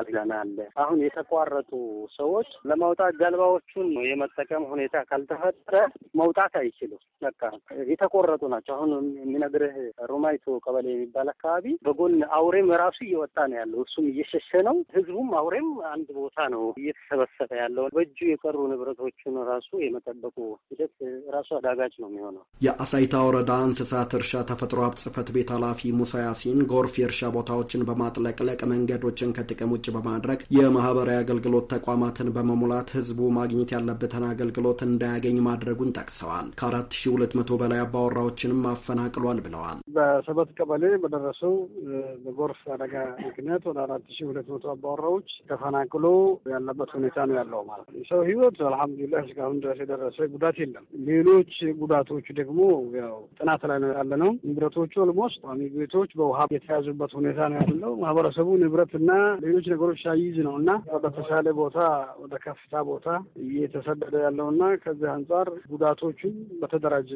አልጋና አለ። አሁን የተቋረ የተመረጡ ሰዎች ለመውጣት ጀልባዎቹን የመጠቀም ሁኔታ ካልተፈጠረ መውጣት አይችሉም። በቃ የተቆረጡ ናቸው። አሁን የሚነግርህ ሩማይቶ ቀበሌ የሚባል አካባቢ በጎን አውሬም ራሱ እየወጣ ነው ያለው፣ እሱም እየሸሸ ነው። ህዝቡም አውሬም አንድ ቦታ ነው እየተሰበሰበ ያለው። በእጁ የቀሩ ንብረቶችን ራሱ የመጠበቁ ሂደት ራሱ አዳጋጅ ነው የሚሆነው። የአሳይታ ወረዳ እንስሳት እርሻ ተፈጥሮ ሀብት ጽሕፈት ቤት ኃላፊ ሙሳ ያሲን ጎርፍ የእርሻ ቦታዎችን በማጥለቅለቅ መንገዶችን ከጥቅም ውጭ በማድረግ የማህበራዊ አገልግሎት ተቋማትን በመሙላት ህዝቡ ማግኘት ያለበትን አገልግሎት እንዳያገኝ ማድረጉን ጠቅሰዋል። ከ4200 በላይ አባወራዎችንም አፈናቅሏል ብለዋል። በሰበት ቀበሌ በደረሰው በጎርፍ አደጋ ምክንያት ወደ አራት ሺ ሁለት መቶ አባወራዎች ተፈናቅሎ ያለበት ሁኔታ ነው ያለው ማለት ነው። ሰው ህይወት አልሐምዱላ እስካሁን ድረስ የደረሰ ጉዳት የለም። ሌሎች ጉዳቶች ደግሞ ያው ጥናት ላይ ነው ያለ ነው። ንብረቶቹ ኦልሞስት ቋሚ ቤቶች በውሃ የተያዙበት ሁኔታ ነው ያለው። ማህበረሰቡ ንብረትና ሌሎች ነገሮች ሳይይዝ ነው እና ከተሻለ ቦታ ወደ ከፍታ ቦታ እየተሰደደ እና ከዚህ አንጻር ጉዳቶቹን በተደራጀ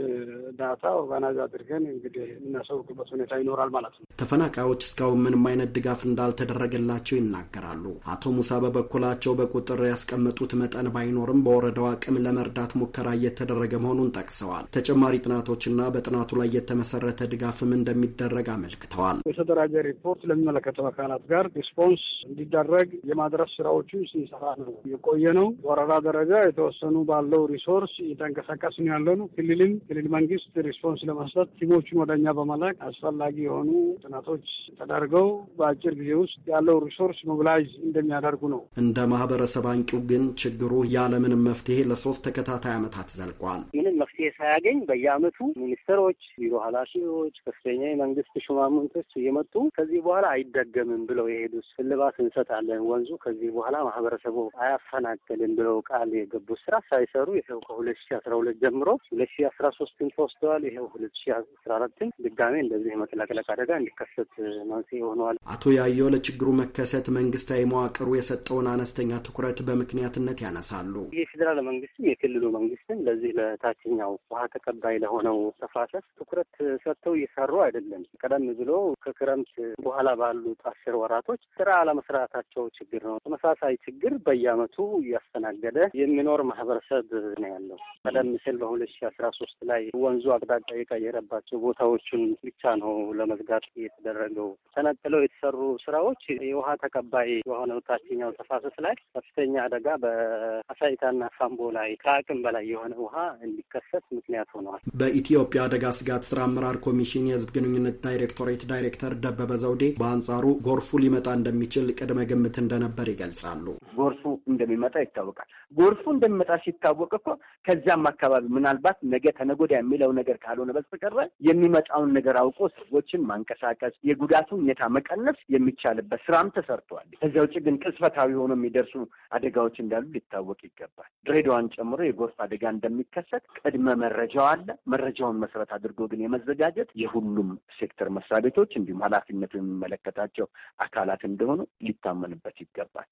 ዳታ ኦርጋናይዝ አድርገን እንግዲህ የምናሳውቅበት ሁኔታ ይኖራል ማለት ነው። ተፈናቃዮች እስካሁን ምንም አይነት ድጋፍ እንዳልተደረገላቸው ይናገራሉ። አቶ ሙሳ በበኩላቸው በቁጥር ያስቀመጡት መጠን ባይኖርም በወረዳው አቅም ለመርዳት ሙከራ እየተደረገ መሆኑን ጠቅሰዋል። ተጨማሪ ጥናቶችና በጥናቱ ላይ የተመሰረተ ድጋፍም እንደሚደረግ አመልክተዋል። የተደራጀ ሪፖርት ለሚመለከተው አካላት ጋር ሪስፖንስ እንዲደረግ የማድረስ ስራዎቹ ሲሰራ ነው የቆየ ነው። በወረዳ ደረጃ የተወሰኑ ባለው ሪሶርስ እየተንቀሳቀስ ነው ያለ ነው። ክልልም ክልል መንግስት ሪስፖንስ ለመስጠት ቲሞቹን ወደኛ በመላክ አስፈላጊ የሆኑ ጥናቶች ተደርገው በአጭር ጊዜ ውስጥ ያለው ሪሶርስ ሞቢላይዝ እንደሚያደርጉ ነው። እንደ ማህበረሰብ አንቂው ግን ችግሩ ያለምንም መፍትሄ ለሶስት ተከታታይ ዓመታት ዘልቋል። ምንም መፍትሄ ሳያገኝ በየአመቱ ሚኒስትሮች፣ ቢሮ ኃላፊዎች፣ ከፍተኛ የመንግስት ሹማምንቶች እየመጡ ከዚህ በኋላ አይደገምም ብለው የሄዱት እልባት እንሰጣለን ወንዙ ከዚህ በኋላ ማህበረሰቡ አያፈናቅልም ብለው ቃል የገቡት ስራ ሳይሰሩ ይኸው ከሁለት ሺ አስራ ሁለት ጀምሮ ሁለት ሺ አስራ ሶስትን ተወስደዋል። ይኸው ሁለት ሺ አስራ አራትን ድጋሜ እንደዚህ የመጥለቅለቅ አደጋ እንዲከሰት መንስኤ ሆነዋል። አቶ ያየው ለችግሩ መከሰት መንግስታዊ መዋቅሩ የሰጠውን አነስተኛ ትኩረት በምክንያትነት ያነሳሉ። የፌዴራል መንግስትም የክልሉ መንግስትም ለዚህ ለታችኛው ውሃ ተቀባይ ለሆነው ተፋሰስ ትኩረት ሰጥተው እየሰሩ አይደለም። ቀደም ብሎ ከክረምት በኋላ ባሉት አስር ወራቶች ስራ አለመስራታቸው ችግር ነው። ተመሳሳይ ችግር በየአመቱ እያስተናገደ የሚኖር ማህበረሰብ ነው ያለው። ቀደም ሲል በሁለት ሺ አስራ ሶስት ላይ ወንዙ አቅጣጫ የቀየረባቸው ቦታዎችን ብቻ ነው ለመዝጋት የተደረገው። ተነጥለው የተሰሩ ስራዎች የውሃ ተቀባይ የሆነው ታችኛው ተፋሰስ ላይ ከፍተኛ አደጋ በአሳይታና ሳምቦ ላይ ከአቅም በላይ የሆነ ውሃ እንዲከሰት ምክንያት ሆነዋል። በኢትዮጵያ አደጋ ስጋት ስራ አመራር ኮሚሽን የህዝብ ግንኙነት ዳይሬክቶሬት ዳይሬክተር ደበበ ዘውዴ በአንጻሩ ጎርፉ ሊመጣ እንደሚችል ቅድመ ግምት እንደነበር ይገልጻሉ። ጎርፉ እንደሚመጣ ይታወቃል። ጎርፉ እንደሚመጣ ሲታወቅ እኮ ከዚያም አካባቢ ምናልባት ነገ ተነጎዳ የሚለው ነገር ካልሆነ በስተቀረ የሚመጣውን ነገር አውቆ ሰዎችን ማንቀሳቀስ የጉዳቱን ሁኔታ መቀነስ የሚቻልበት ስራም ተሰርተዋል። ከዚያ ውጭ ግን ቅጽበታዊ ሆኖ የሚደርሱ አደጋዎች እንዳሉ ሊታወቅ ይገባል። ድሬዳዋን ጨምሮ የጎርፍ አደጋ እንደሚከሰት ቅድመ መረጃው አለ። መረጃውን መሰረት አድርጎ ግን የመዘጋጀት የሁሉም ሴክተር መስሪያ ቤቶች እንዲሁም ኃላፊነቱ የሚመለከታቸው አካላት እንደሆኑ ሊታመንበት ይገባል።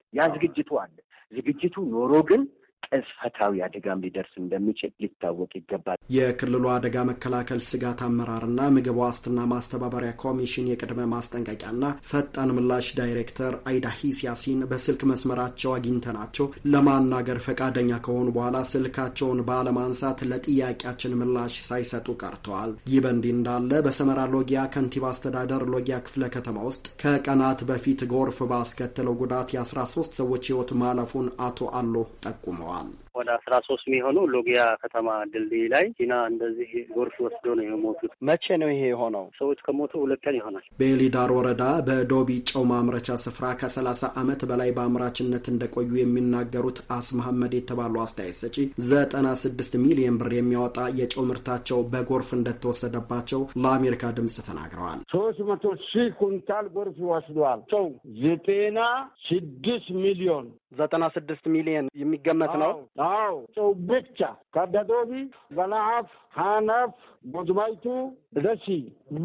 ዝግጅቱ አለ። ዝግጅቱ ኖሮ ግን ቅጽበታዊ አደጋም ሊደርስ እንደሚችል ሊታወቅ ይገባል። የክልሉ አደጋ መከላከል ስጋት አመራርና ምግብ ዋስትና ማስተባበሪያ ኮሚሽን የቅድመ ማስጠንቀቂያና ፈጣን ምላሽ ዳይሬክተር አይዳሂስ ያሲን በስልክ መስመራቸው አግኝተናቸው ለማናገር ፈቃደኛ ከሆኑ በኋላ ስልካቸውን ባለማንሳት ለጥያቄያችን ምላሽ ሳይሰጡ ቀርተዋል። ይህ በእንዲህ እንዳለ በሰመራ ሎጊያ ከንቲባ አስተዳደር ሎጊያ ክፍለ ከተማ ውስጥ ከቀናት በፊት ጎርፍ ባስከተለው ጉዳት የአስራ ሶስት ሰዎች ህይወት ማለፉን አቶ አሎ ጠቁመዋል። on. ወደ አስራ ሶስት የሚሆኑ ሎጊያ ከተማ ድልድይ ላይ ና እንደዚህ ጎርፍ ወስዶ ነው የሞቱት። መቼ ነው ይሄ የሆነው? ሰዎች ከሞቱ ሁለት ቀን ይሆናል። በኤሊዳር ወረዳ በዶቢ ጨው ማምረቻ ስፍራ ከሰላሳ ዓመት በላይ በአምራችነት እንደቆዩ የሚናገሩት አስ መሐመድ የተባሉ አስተያየት ሰጪ ዘጠና ስድስት ሚሊዮን ብር የሚያወጣ የጨው ምርታቸው በጎርፍ እንደተወሰደባቸው ለአሜሪካ ድምጽ ተናግረዋል። ሶስት መቶ ሺህ ኩንታል ጎርፍ ይወስዷል። ጨው ዘጠና ስድስት ሚሊዮን ዘጠና ስድስት ሚሊዮን የሚገመት ነው። हाँ तो बिच्चा का ददोजी हानफ ጎድባይቱ፣ ደሲ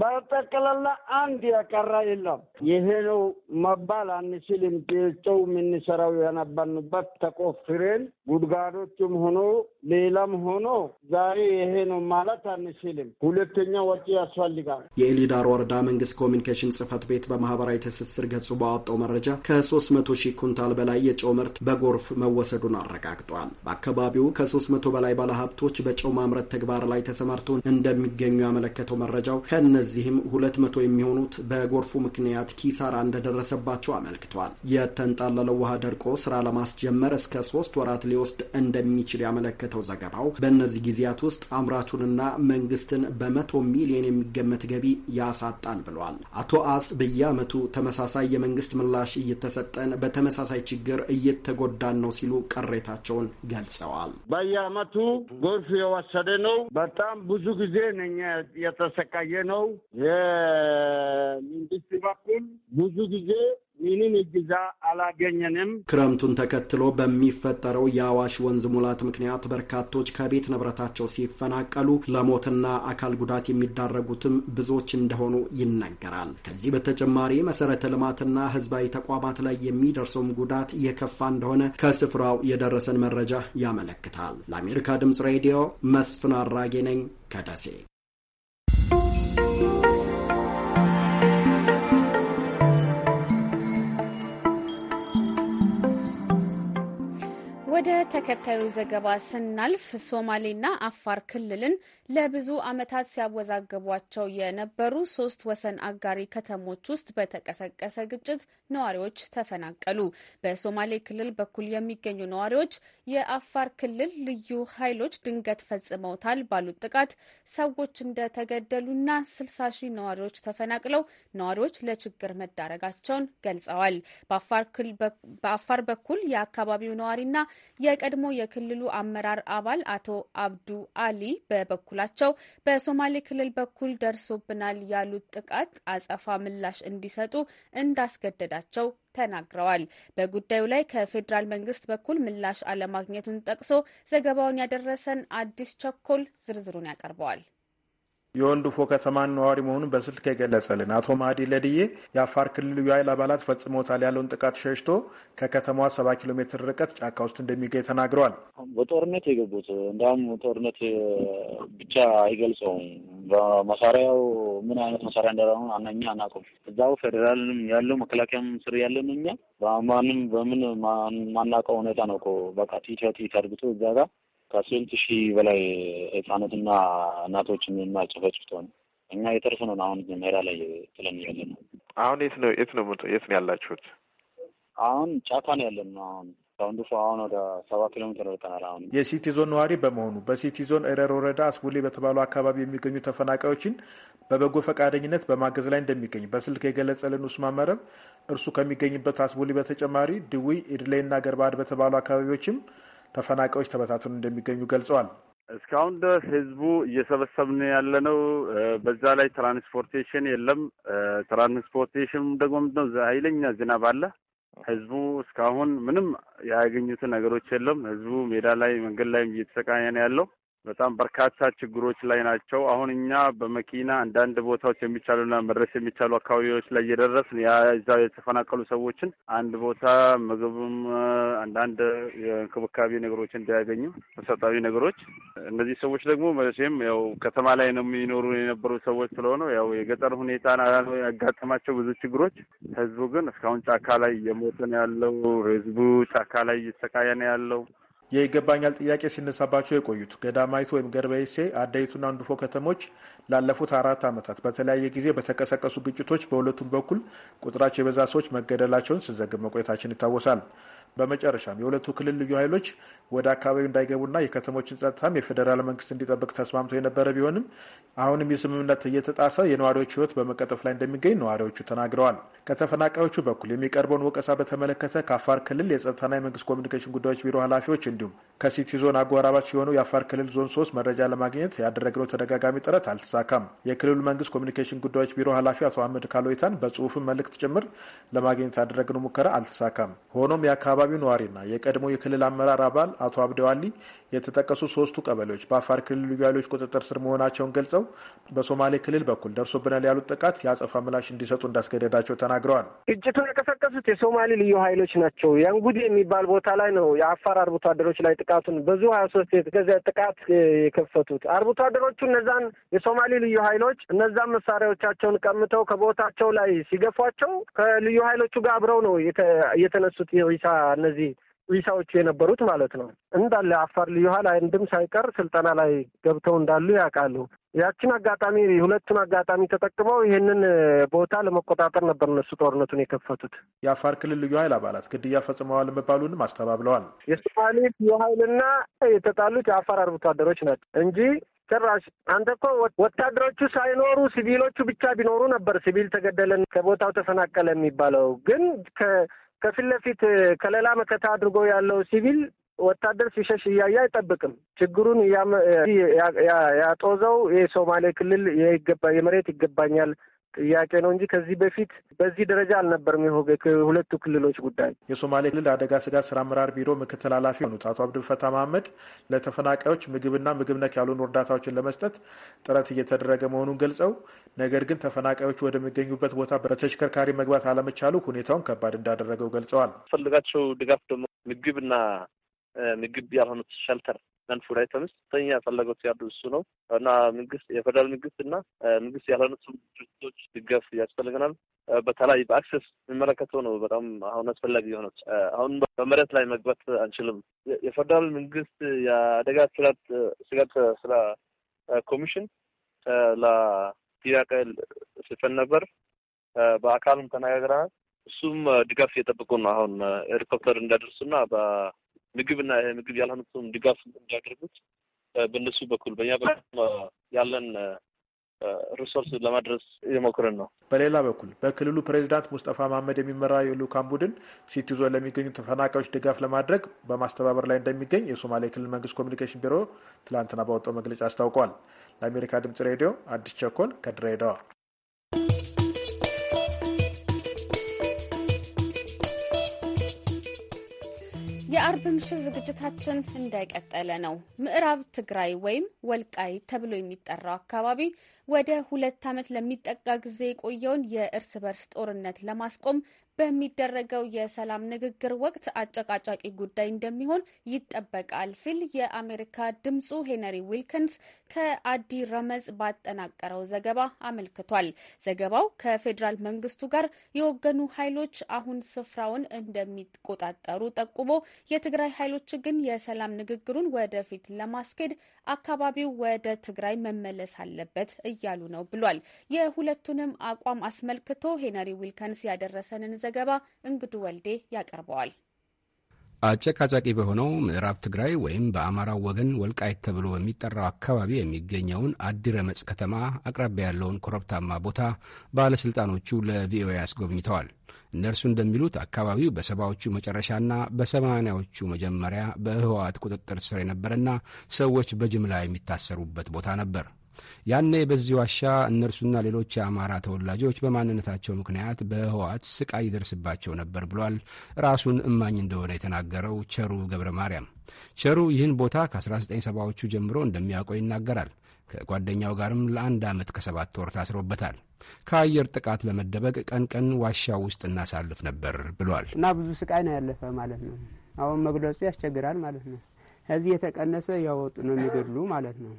በጠቅላላ አንድ ያቀራ የለም። ይሄ ነው መባል አንችልም። ጨው የምንሰራው የነበርንበት ተቆፍሬን ጉድጋዶችም ሆኖ ሌላም ሆኖ ዛሬ ይሄ ነው ማለት አንችልም። ሁለተኛ ወጪ ያስፈልጋል። የኢሊዳር ወረዳ መንግስት ኮሚኒኬሽን ጽህፈት ቤት በማህበራዊ ትስስር ገጹ ባወጣው መረጃ ከሶስት መቶ ሺህ ኩንታል በላይ የጨው ምርት በጎርፍ መወሰዱን አረጋግጧል። በአካባቢው ከሶስት መቶ በላይ ባለሀብቶች በጨው ማምረት ተግባር ላይ ተሰማርተው እንደ እንደሚገኙ ያመለከተው መረጃው ከእነዚህም ሁለት መቶ የሚሆኑት በጎርፉ ምክንያት ኪሳራ እንደደረሰባቸው አመልክቷል። የተንጣለለው ውሃ ደርቆ ስራ ለማስጀመር እስከ ሶስት ወራት ሊወስድ እንደሚችል ያመለከተው ዘገባው በእነዚህ ጊዜያት ውስጥ አምራቹንና መንግስትን በመቶ ሚሊዮን የሚገመት ገቢ ያሳጣል ብሏል። አቶ አስ በየአመቱ ተመሳሳይ የመንግስት ምላሽ እየተሰጠን በተመሳሳይ ችግር እየተጎዳን ነው ሲሉ ቅሬታቸውን ገልጸዋል። በየአመቱ ጎርፍ የወሰደ ነው። በጣም ብዙ ጊዜ ግን እኛ የተሰቃየ ነው የመንግስት በኩል ብዙ ጊዜ ምንም እገዛ አላገኘንም። ክረምቱን ተከትሎ በሚፈጠረው የአዋሽ ወንዝ ሙላት ምክንያት በርካቶች ከቤት ንብረታቸው ሲፈናቀሉ ለሞትና አካል ጉዳት የሚዳረጉትም ብዙዎች እንደሆኑ ይነገራል። ከዚህ በተጨማሪ መሰረተ ልማትና ሕዝባዊ ተቋማት ላይ የሚደርሰውም ጉዳት የከፋ እንደሆነ ከስፍራው የደረሰን መረጃ ያመለክታል። ለአሜሪካ ድምጽ ሬዲዮ መስፍን አራጌ ነኝ ከደሴ ተከታዩ ዘገባ ስናልፍ ሶማሌና አፋር ክልልን ለብዙ ዓመታት ሲያወዛገቧቸው የነበሩ ሶስት ወሰን አጋሪ ከተሞች ውስጥ በተቀሰቀሰ ግጭት ነዋሪዎች ተፈናቀሉ። በሶማሌ ክልል በኩል የሚገኙ ነዋሪዎች የአፋር ክልል ልዩ ኃይሎች ድንገት ፈጽመውታል ባሉት ጥቃት ሰዎች እንደተገደሉና ስልሳ ሺህ ነዋሪዎች ተፈናቅለው ነዋሪዎች ለችግር መዳረጋቸውን ገልጸዋል። በአፋር በኩል የአካባቢው ነዋሪና የቀድሞ የክልሉ አመራር አባል አቶ አብዱ አሊ በበኩላቸው በሶማሌ ክልል በኩል ደርሶብናል ያሉት ጥቃት አጸፋ ምላሽ እንዲሰጡ እንዳስገደዳቸው ተናግረዋል። በጉዳዩ ላይ ከፌዴራል መንግስት በኩል ምላሽ አለማግኘቱን ጠቅሶ ዘገባውን ያደረሰን አዲስ ቸኮል ዝርዝሩን ያቀርበዋል። ፎ ከተማን ነዋሪ መሆኑን በስልክ የገለጸልን አቶ ማህዲ ለድዬ የአፋር ክልሉ የኃይል አባላት ፈጽመውታል ያለውን ጥቃት ሸሽቶ ከከተማዋ ሰባ ኪሎ ሜትር ርቀት ጫካ ውስጥ እንደሚገኝ ተናግረዋል። በጦርነት የገቡት እንዳውም ጦርነት ብቻ አይገልጸውም። በመሳሪያው ምን አይነት መሳሪያ እንደሆነ አናኛ አናውቅም። እዛው ፌዴራልንም ያለው መከላከያም ስር ያለን እኛ በማንም በምን ማናውቀው ሁኔታ ነው በቃ ቲት ተርግቶ እዛ ጋር ከስንት ሺህ በላይ ህጻኖትና እናቶችን የማጨፈጭፍቶ ነው። እኛ የጥርስ ነው አሁን ሜዳ ላይ ጥለን ያለ ነው። አሁን የት ነው የት ነው የት ነው ያላችሁት? አሁን ጫካ ነው ያለን ነው አሁን ከወንድፎ አሁን ወደ ሰባ ኪሎ ሜትር ርቀናል። አሁን የሲቲ ዞን ነዋሪ በመሆኑ በሲቲ ዞን ኤረር ወረዳ አስጉሌ በተባሉ አካባቢ የሚገኙ ተፈናቃዮችን በበጎ ፈቃደኝነት በማገዝ ላይ እንደሚገኝ በስልክ የገለጸልን ኡስማን መረብ እርሱ ከሚገኝበት አስቡሊ በተጨማሪ ድዊ፣ ኢድሌይ እና ገርባድ በተባሉ አካባቢዎችም ተፈናቃዮች ተበታትኑ እንደሚገኙ ገልጸዋል። እስካሁን ድረስ ህዝቡ እየሰበሰብን ያለ ነው። በዛ ላይ ትራንስፖርቴሽን የለም። ትራንስፖርቴሽን ደግሞ ምንድነው ኃይለኛ ዝናብ አለ። ህዝቡ እስካሁን ምንም ያገኙትን ነገሮች የለም። ህዝቡ ሜዳ ላይ መንገድ ላይም እየተሰቃየ ነው ያለው። በጣም በርካታ ችግሮች ላይ ናቸው። አሁን እኛ በመኪና አንዳንድ ቦታዎች የሚቻሉና መድረስ የሚቻሉ አካባቢዎች ላይ እየደረስን እዛ የተፈናቀሉ ሰዎችን አንድ ቦታ ምግብም አንዳንድ የእንክብካቤ ነገሮች እንዲያገኙ መሰጣዊ ነገሮች እነዚህ ሰዎች ደግሞ መቼም ያው ከተማ ላይ ነው የሚኖሩ የነበሩ ሰዎች ስለሆነ ያው የገጠር ሁኔታ ያጋጠማቸው ብዙ ችግሮች፣ ህዝቡ ግን እስካሁን ጫካ ላይ እየሞተ ነው ያለው። ህዝቡ ጫካ ላይ እየተሰቃየ ነው ያለው። የይገባኛል ጥያቄ ሲነሳባቸው የቆዩት ገዳማይቱ ወይም ገርበይሴ፣ አዳይቱና አንዱፎ ከተሞች ላለፉት አራት ዓመታት በተለያየ ጊዜ በተቀሰቀሱ ግጭቶች በሁለቱም በኩል ቁጥራቸው የበዛ ሰዎች መገደላቸውን ስንዘግብ መቆየታችን ይታወሳል። በመጨረሻም የሁለቱ ክልል ልዩ ኃይሎች ወደ አካባቢው እንዳይገቡና የከተሞችን ጸጥታም የፌዴራል መንግስት እንዲጠብቅ ተስማምቶ የነበረ ቢሆንም አሁንም የስምምነት እየተጣሰ የነዋሪዎች ህይወት በመቀጠፍ ላይ እንደሚገኝ ነዋሪዎቹ ተናግረዋል። ከተፈናቃዮቹ በኩል የሚቀርበውን ወቀሳ በተመለከተ ከአፋር ክልል የጸጥታና የመንግስት ኮሚኒኬሽን ጉዳዮች ቢሮ ኃላፊዎች እንዲሁም ከሲቲ ዞን አጎራባች የሆኑ የአፋር ክልል ዞን ሶስት መረጃ ለማግኘት ያደረግነው ተደጋጋሚ ጥረት አልተሳካም። የክልሉ መንግስት ኮሚኒኬሽን ጉዳዮች ቢሮ ኃላፊ አቶ አህመድ ካሎይታን በጽሁፍም መልእክት ጭምር ለማግኘት ያደረግነው ሙከራ አልተሳካም። ሆኖም የአካባቢ የአካባቢው ነዋሪና የቀድሞ የክልል አመራር አባል አቶ አብደዋሊ የተጠቀሱ ሶስቱ ቀበሌዎች በአፋር ክልል ልዩ ኃይሎች ቁጥጥር ስር መሆናቸውን ገልጸው በሶማሌ ክልል በኩል ደርሶብናል ያሉት ጥቃት የአጸፋ ምላሽ እንዲሰጡ እንዳስገደዳቸው ተናግረዋል። ግጭቱን የቀሰቀሱት የሶማሌ ልዩ ኃይሎች ናቸው። ያንጉድ የሚባል ቦታ ላይ ነው የአፋር አርብቶ አደሮች ላይ ጥቃቱን በዙ ሀያ ሶስት የተገዛ ጥቃት የከፈቱት አርብቶ አደሮቹ እነዛን የሶማሌ ልዩ ኃይሎች እነዛን መሳሪያዎቻቸውን ቀምተው ከቦታቸው ላይ ሲገፏቸው ከልዩ ኃይሎቹ ጋር አብረው ነው የተነሱት የሂሳ እነዚህ ዊሳዎቹ የነበሩት ማለት ነው እንዳለ አፋር ልዩ ኃይል አንድም ሳይቀር ስልጠና ላይ ገብተው እንዳሉ ያውቃሉ። ያችን አጋጣሚ ሁለቱን አጋጣሚ ተጠቅመው ይህንን ቦታ ለመቆጣጠር ነበር እነሱ ጦርነቱን የከፈቱት። የአፋር ክልል ልዩ ኃይል አባላት ግድያ ፈጽመዋል መባሉንም አስተባብለዋል። የሶማሌ ልዩ ኃይልና የተጣሉት የአፋር አርብቶ አደሮች ናቸው እንጂ ጭራሽ አንተ እኮ ወታደሮቹ ሳይኖሩ ሲቪሎቹ ብቻ ቢኖሩ ነበር ሲቪል ተገደለን ከቦታው ተፈናቀለ የሚባለው ግን ከፊት ለፊት ከለላ መከታ አድርጎ ያለው ሲቪል ወታደር ሲሸሽ እያየ አይጠብቅም። ችግሩን ያጦዘው የሶማሌ ክልል የመሬት ይገባኛል ጥያቄ ነው እንጂ ከዚህ በፊት በዚህ ደረጃ አልነበርም የሁለቱ ክልሎች ጉዳይ። የሶማሌ ክልል አደጋ ስጋት ስራ አመራር ቢሮ ምክትል ኃላፊ የሆኑት አቶ አብዱልፈታ መሀመድ ለተፈናቃዮች ምግብና ምግብ ነክ ያልሆኑ እርዳታዎችን ለመስጠት ጥረት እየተደረገ መሆኑን ገልጸው ነገር ግን ተፈናቃዮች ወደሚገኙበት ቦታ በተሽከርካሪ መግባት አለመቻሉ ሁኔታውን ከባድ እንዳደረገው ገልጸዋል። ፈልጋቸው ድጋፍ ደግሞ ምግብና ምግብ ያልሆኑት ሸልተር ገንፎ ላይ ተመስተኛ ፈለጎች ያሉ እሱ ነው እና መንግስት የፌደራል መንግስት እና መንግስት ያልሆኑት ድርጅቶች ድጋፍ ያስፈልገናል። በተለይ በአክሰስ የሚመለከተው ነው በጣም አሁን አስፈላጊ የሆነች አሁን በመሬት ላይ መግባት አንችልም። የፌደራል መንግስት የአደጋ ስጋት ስጋት ስራ ኮሚሽን ለጥያቄ ስፈን ነበር። በአካልም ተነጋግረናል። እሱም ድጋፍ እየጠበቁ ነው። አሁን ሄሊኮፕተር እንዳደርሱና ምግብና ምግብ ያልሆኑትም ድጋፍ እንዲያደርጉት በእነሱ በኩል በእኛ በኩል ያለን ሪሶርስ ለማድረስ እየሞክረን ነው። በሌላ በኩል በክልሉ ፕሬዚዳንት ሙስጠፋ መሀመድ የሚመራ የልኡካን ቡድን ሲቲ ዞን ለሚገኙ ተፈናቃዮች ድጋፍ ለማድረግ በማስተባበር ላይ እንደሚገኝ የሶማሌ ክልል መንግስት ኮሚኒኬሽን ቢሮ ትላንትና ባወጣው መግለጫ አስታውቋል። ለአሜሪካ ድምጽ ሬዲዮ አዲስ ቸኮል ከድሬዳዋ የአርብ ምሽት ዝግጅታችን እንደቀጠለ ነው። ምዕራብ ትግራይ ወይም ወልቃይ ተብሎ የሚጠራው አካባቢ ወደ ሁለት ዓመት ለሚጠጋ ጊዜ የቆየውን የእርስ በርስ ጦርነት ለማስቆም በሚደረገው የሰላም ንግግር ወቅት አጨቃጫቂ ጉዳይ እንደሚሆን ይጠበቃል ሲል የአሜሪካ ድምፁ ሄነሪ ዊልኪንስ ከአዲ ረመጽ ባጠናቀረው ዘገባ አመልክቷል። ዘገባው ከፌዴራል መንግስቱ ጋር የወገኑ ኃይሎች አሁን ስፍራውን እንደሚቆጣጠሩ ጠቁሞ የትግራይ ኃይሎች ግን የሰላም ንግግሩን ወደፊት ለማስኬድ አካባቢው ወደ ትግራይ መመለስ አለበት እያሉ ነው ብሏል። የሁለቱንም አቋም አስመልክቶ ሄነሪ ዊልከንስ ያደረሰንን ዘገባ እንግዱ ወልዴ ያቀርበዋል። አጨቃጫቂ በሆነው ምዕራብ ትግራይ ወይም በአማራው ወገን ወልቃይት ተብሎ በሚጠራው አካባቢ የሚገኘውን አዲረመጽ ከተማ አቅራቢያ ያለውን ኮረብታማ ቦታ ባለሥልጣኖቹ ለቪኦኤ አስጎብኝተዋል። እነርሱ እንደሚሉት አካባቢው በሰባዎቹ መጨረሻና በሰማንያዎቹ መጀመሪያ በህወሓት ቁጥጥር ስር የነበረና ሰዎች በጅምላ የሚታሰሩበት ቦታ ነበር። ያኔ በዚህ ዋሻ እነርሱና ሌሎች የአማራ ተወላጆች በማንነታቸው ምክንያት በህወሓት ስቃይ ይደርስባቸው ነበር ብሏል። ራሱን እማኝ እንደሆነ የተናገረው ቸሩ ገብረ ማርያም። ቸሩ ይህን ቦታ ከ1970ዎቹ ጀምሮ እንደሚያውቀው ይናገራል። ከጓደኛው ጋርም ለአንድ ዓመት ከሰባት ወር ታስሮበታል። ከአየር ጥቃት ለመደበቅ ቀን ቀን ዋሻ ውስጥ እናሳልፍ ነበር ብሏል። እና ብዙ ስቃይ ነው ያለፈ ማለት ነው። አሁን መግለጹ ያስቸግራል ማለት ነው። እዚህ የተቀነሰ ያወጡ ነው የሚገድሉ ማለት ነው።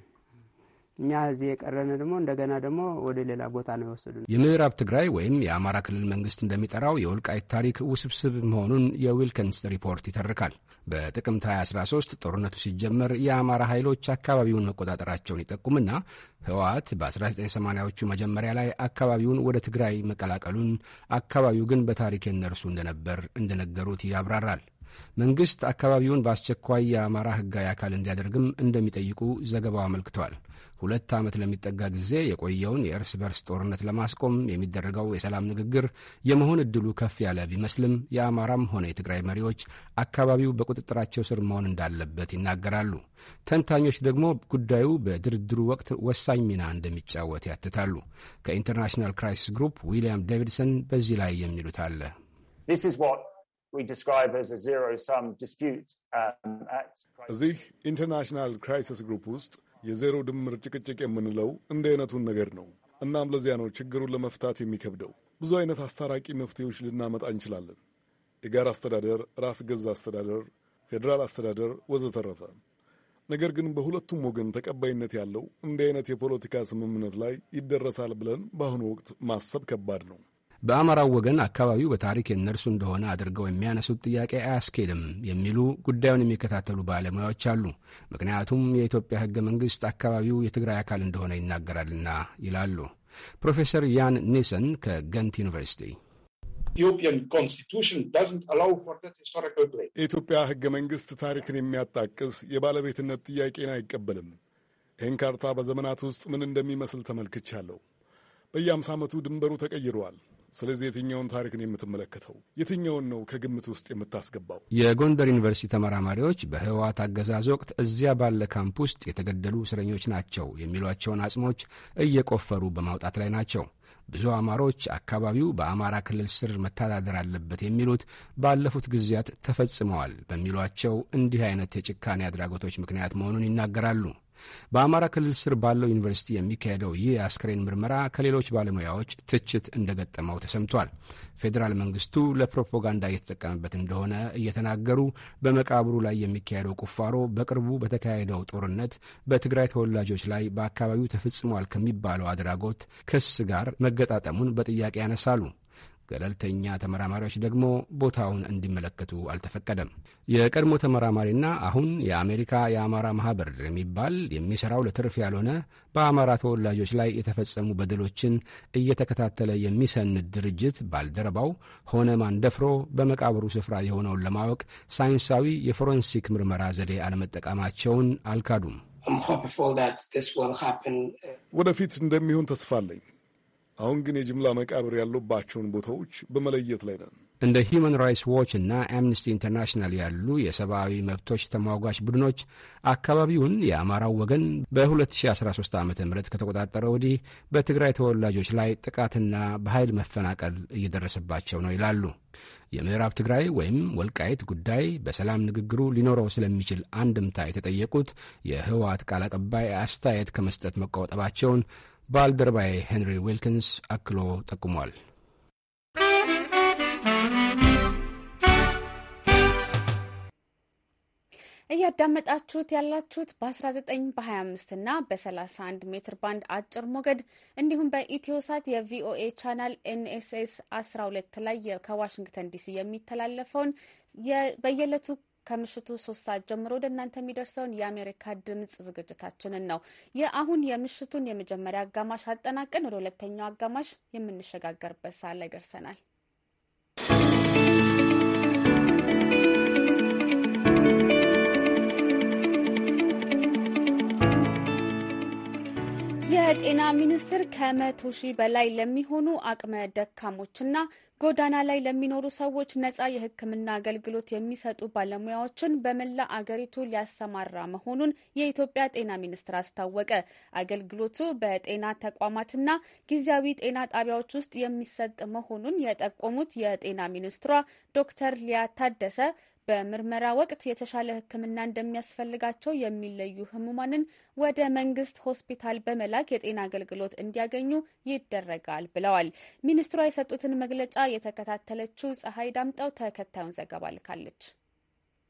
እኛ እዚህ የቀረነ ደግሞ እንደገና ደግሞ ወደ ሌላ ቦታ ነው የወሰዱ። የምዕራብ ትግራይ ወይም የአማራ ክልል መንግስት እንደሚጠራው የወልቃይት ታሪክ ውስብስብ መሆኑን የዊልከንስ ሪፖርት ይተርካል። በጥቅምት 2013 ጦርነቱ ሲጀመር የአማራ ኃይሎች አካባቢውን መቆጣጠራቸውን ይጠቁምና ህወሓት በ1980ዎቹ መጀመሪያ ላይ አካባቢውን ወደ ትግራይ መቀላቀሉን፣ አካባቢው ግን በታሪክ የነርሱ እንደነበር እንደነገሩት ያብራራል። መንግስት አካባቢውን በአስቸኳይ የአማራ ህጋዊ አካል እንዲያደርግም እንደሚጠይቁ ዘገባው አመልክቷል። ሁለት ዓመት ለሚጠጋ ጊዜ የቆየውን የእርስ በርስ ጦርነት ለማስቆም የሚደረገው የሰላም ንግግር የመሆን እድሉ ከፍ ያለ ቢመስልም የአማራም ሆነ የትግራይ መሪዎች አካባቢው በቁጥጥራቸው ስር መሆን እንዳለበት ይናገራሉ። ተንታኞች ደግሞ ጉዳዩ በድርድሩ ወቅት ወሳኝ ሚና እንደሚጫወት ያትታሉ። ከኢንተርናሽናል ክራይሲስ ግሩፕ ዊልያም ዴቪድሰን በዚህ ላይ የሚሉት አለ። Um, እዚህ ኢንተርናሽናል ክራይሲስ ግሩፕ ውስጥ የዜሮ ድምር ጭቅጭቅ የምንለው እንደ አይነቱን ነገር ነው። እናም ለዚያ ነው ችግሩን ለመፍታት የሚከብደው። ብዙ አይነት አስታራቂ መፍትሄዎች ልናመጣ እንችላለን። የጋራ አስተዳደር፣ ራስ ገዛ አስተዳደር፣ ፌዴራል አስተዳደር ወዘተረፈ። ነገር ግን በሁለቱም ወገን ተቀባይነት ያለው እንዲህ አይነት የፖለቲካ ስምምነት ላይ ይደረሳል ብለን በአሁኑ ወቅት ማሰብ ከባድ ነው። በአማራው ወገን አካባቢው በታሪክ የእነርሱ እንደሆነ አድርገው የሚያነሱት ጥያቄ አያስኬድም የሚሉ ጉዳዩን የሚከታተሉ ባለሙያዎች አሉ። ምክንያቱም የኢትዮጵያ ህገ መንግስት አካባቢው የትግራይ አካል እንደሆነ ይናገራልና ይላሉ። ፕሮፌሰር ያን ኒሰን ከገንት ዩኒቨርሲቲ የኢትዮጵያ ህገ መንግስት ታሪክን የሚያጣቅስ የባለቤትነት ጥያቄን አይቀበልም። ይህን ካርታ በዘመናት ውስጥ ምን እንደሚመስል ተመልክቻለሁ። በየአምሳ ዓመቱ ድንበሩ ተቀይረዋል። ስለዚህ የትኛውን ታሪክን የምትመለከተው የትኛውን ነው ከግምት ውስጥ የምታስገባው? የጎንደር ዩኒቨርሲቲ ተመራማሪዎች በህወሓት አገዛዝ ወቅት እዚያ ባለ ካምፕ ውስጥ የተገደሉ እስረኞች ናቸው የሚሏቸውን አጽሞች እየቆፈሩ በማውጣት ላይ ናቸው። ብዙ አማሮች አካባቢው በአማራ ክልል ስር መተዳደር አለበት የሚሉት ባለፉት ጊዜያት ተፈጽመዋል በሚሏቸው እንዲህ አይነት የጭካኔ አድራጎቶች ምክንያት መሆኑን ይናገራሉ። በአማራ ክልል ስር ባለው ዩኒቨርሲቲ የሚካሄደው ይህ የአስክሬን ምርመራ ከሌሎች ባለሙያዎች ትችት እንደገጠመው ተሰምቷል። ፌዴራል መንግስቱ ለፕሮፓጋንዳ እየተጠቀመበት እንደሆነ እየተናገሩ በመቃብሩ ላይ የሚካሄደው ቁፋሮ በቅርቡ በተካሄደው ጦርነት በትግራይ ተወላጆች ላይ በአካባቢው ተፈጽሟል ከሚባለው አድራጎት ክስ ጋር መገጣጠሙን በጥያቄ ያነሳሉ። ገለልተኛ ተመራማሪዎች ደግሞ ቦታውን እንዲመለከቱ አልተፈቀደም። የቀድሞ ተመራማሪና አሁን የአሜሪካ የአማራ ማህበር የሚባል የሚሠራው ለትርፍ ያልሆነ በአማራ ተወላጆች ላይ የተፈጸሙ በደሎችን እየተከታተለ የሚሰንድ ድርጅት ባልደረባው ሆነ ማንደፍሮ በመቃብሩ ስፍራ የሆነውን ለማወቅ ሳይንሳዊ የፎረንሲክ ምርመራ ዘዴ አለመጠቀማቸውን አልካዱም። uh, ወደፊት እንደሚሆን ተስፋ አለኝ። አሁን ግን የጅምላ መቃብር ያሉባቸውን ቦታዎች በመለየት ላይ ነን። እንደ ሂዩማን ራይትስ ዎች እና አምነስቲ ኢንተርናሽናል ያሉ የሰብአዊ መብቶች ተሟጓች ቡድኖች አካባቢውን የአማራው ወገን በ2013 ዓ ም ከተቆጣጠረ ወዲህ በትግራይ ተወላጆች ላይ ጥቃትና በኃይል መፈናቀል እየደረሰባቸው ነው ይላሉ። የምዕራብ ትግራይ ወይም ወልቃይት ጉዳይ በሰላም ንግግሩ ሊኖረው ስለሚችል አንድምታ የተጠየቁት የህወሓት ቃል አቀባይ አስተያየት ከመስጠት መቆጠባቸውን ባልደረባዬ ሄንሪ ዊልኪንስ አክሎ ጠቁሟል። እያዳመጣችሁት ያላችሁት በ19 በ25 እና በ31 ሜትር ባንድ አጭር ሞገድ እንዲሁም በኢትዮሳት የቪኦኤ ቻናል ኤንኤስኤስ 12 ላይ ከዋሽንግተን ዲሲ የሚተላለፈውን በየዕለቱ ከምሽቱ ሶስት ሰዓት ጀምሮ ወደ እናንተ የሚደርሰውን የአሜሪካ ድምጽ ዝግጅታችንን ነው የአሁን የምሽቱን የመጀመሪያ አጋማሽ አጠናቀን ወደ ሁለተኛው አጋማሽ የምንሸጋገርበት ሰዓት ላይ ደርሰናል። የጤና ሚኒስቴር ከመቶ ሺህ በላይ ለሚሆኑ አቅመ ደካሞችና ጎዳና ላይ ለሚኖሩ ሰዎች ነጻ የሕክምና አገልግሎት የሚሰጡ ባለሙያዎችን በመላ አገሪቱ ሊያሰማራ መሆኑን የኢትዮጵያ ጤና ሚኒስቴር አስታወቀ። አገልግሎቱ በጤና ተቋማትና ጊዜያዊ ጤና ጣቢያዎች ውስጥ የሚሰጥ መሆኑን የጠቆሙት የጤና ሚኒስትሯ ዶክተር ሊያ ታደሰ በምርመራ ወቅት የተሻለ ሕክምና እንደሚያስፈልጋቸው የሚለዩ ህሙማንን ወደ መንግስት ሆስፒታል በመላክ የጤና አገልግሎት እንዲያገኙ ይደረጋል ብለዋል። ሚኒስትሯ የሰጡትን መግለጫ የተከታተለችው ፀሐይ ዳምጠው ተከታዩን ዘገባ ልካለች።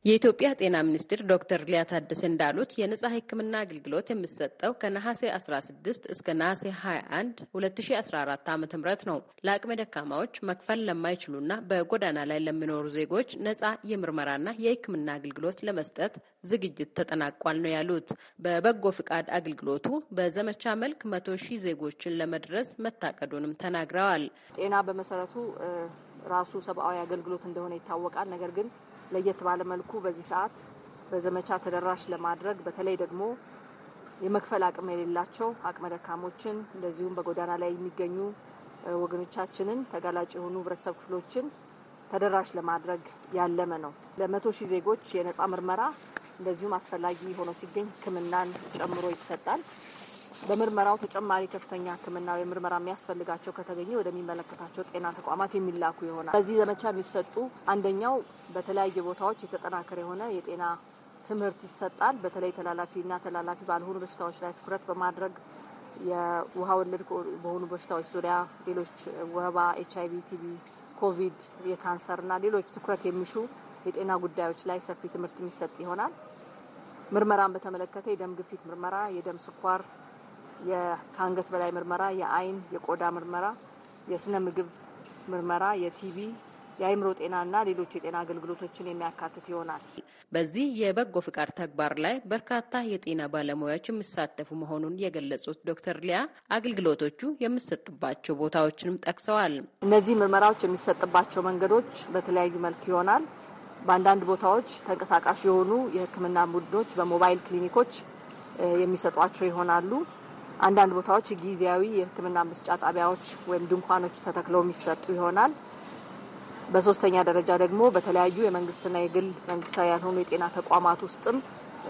የኢትዮጵያ ጤና ሚኒስትር ዶክተር ሊያ ታደሰ እንዳሉት የነጻ ሕክምና አገልግሎት የሚሰጠው ከነሐሴ 16 እስከ ነሐሴ 21 2014 ዓ ም ነው። ለአቅመ ደካማዎች፣ መክፈል ለማይችሉና በጎዳና ላይ ለሚኖሩ ዜጎች ነጻ የምርመራና የሕክምና አገልግሎት ለመስጠት ዝግጅት ተጠናቋል ነው ያሉት። በበጎ ፍቃድ አገልግሎቱ በዘመቻ መልክ መቶ ሺህ ዜጎችን ለመድረስ መታቀዱንም ተናግረዋል። ጤና በመሰረቱ ራሱ ሰብአዊ አገልግሎት እንደሆነ ይታወቃል። ነገር ግን ለየት ባለ መልኩ በዚህ ሰዓት በዘመቻ ተደራሽ ለማድረግ በተለይ ደግሞ የመክፈል አቅም የሌላቸው አቅመ ደካሞችን እንደዚሁም በጎዳና ላይ የሚገኙ ወገኖቻችንን ተጋላጭ የሆኑ ህብረተሰብ ክፍሎችን ተደራሽ ለማድረግ ያለመ ነው። ለመቶ ሺህ ዜጎች የነፃ ምርመራ እንደዚሁም አስፈላጊ ሆኖ ሲገኝ ሕክምናን ጨምሮ ይሰጣል። በምርመራው ተጨማሪ ከፍተኛ ሕክምና ወይም ምርመራ የሚያስፈልጋቸው ከተገኘ ወደሚመለከታቸው ጤና ተቋማት የሚላኩ ይሆናል። በዚህ ዘመቻ የሚሰጡ አንደኛው በተለያዩ ቦታዎች የተጠናከረ የሆነ የጤና ትምህርት ይሰጣል። በተለይ ተላላፊና ተላላፊ ባልሆኑ በሽታዎች ላይ ትኩረት በማድረግ የውሃ ወለድ በሆኑ በሽታዎች ዙሪያ ሌሎች ወባ፣ ኤች አይቪ፣ ቲቪ፣ ኮቪድ፣ የካንሰርና ሌሎች ትኩረት የሚሹ የጤና ጉዳዮች ላይ ሰፊ ትምህርት የሚሰጥ ይሆናል። ምርመራን በተመለከተ የደም ግፊት ምርመራ፣ የደም ስኳር ከአንገት በላይ ምርመራ፣ የአይን የቆዳ ምርመራ፣ የስነ ምግብ ምርመራ፣ የቲቪ የአይምሮ ጤናና ሌሎች የጤና አገልግሎቶችን የሚያካትት ይሆናል። በዚህ የበጎ ፍቃድ ተግባር ላይ በርካታ የጤና ባለሙያዎች የሚሳተፉ መሆኑን የገለጹት ዶክተር ሊያ አገልግሎቶቹ የሚሰጡባቸው ቦታዎችንም ጠቅሰዋል። እነዚህ ምርመራዎች የሚሰጥባቸው መንገዶች በተለያዩ መልክ ይሆናል። በአንዳንድ ቦታዎች ተንቀሳቃሽ የሆኑ የሕክምና ቡድኖች በሞባይል ክሊኒኮች የሚሰጧቸው ይሆናሉ። አንዳንድ ቦታዎች ጊዜያዊ የሕክምና መስጫ ጣቢያዎች ወይም ድንኳኖች ተተክለው የሚሰጡ ይሆናል። በሶስተኛ ደረጃ ደግሞ በተለያዩ የመንግስትና የግል መንግስታዊ ያልሆኑ የጤና ተቋማት ውስጥም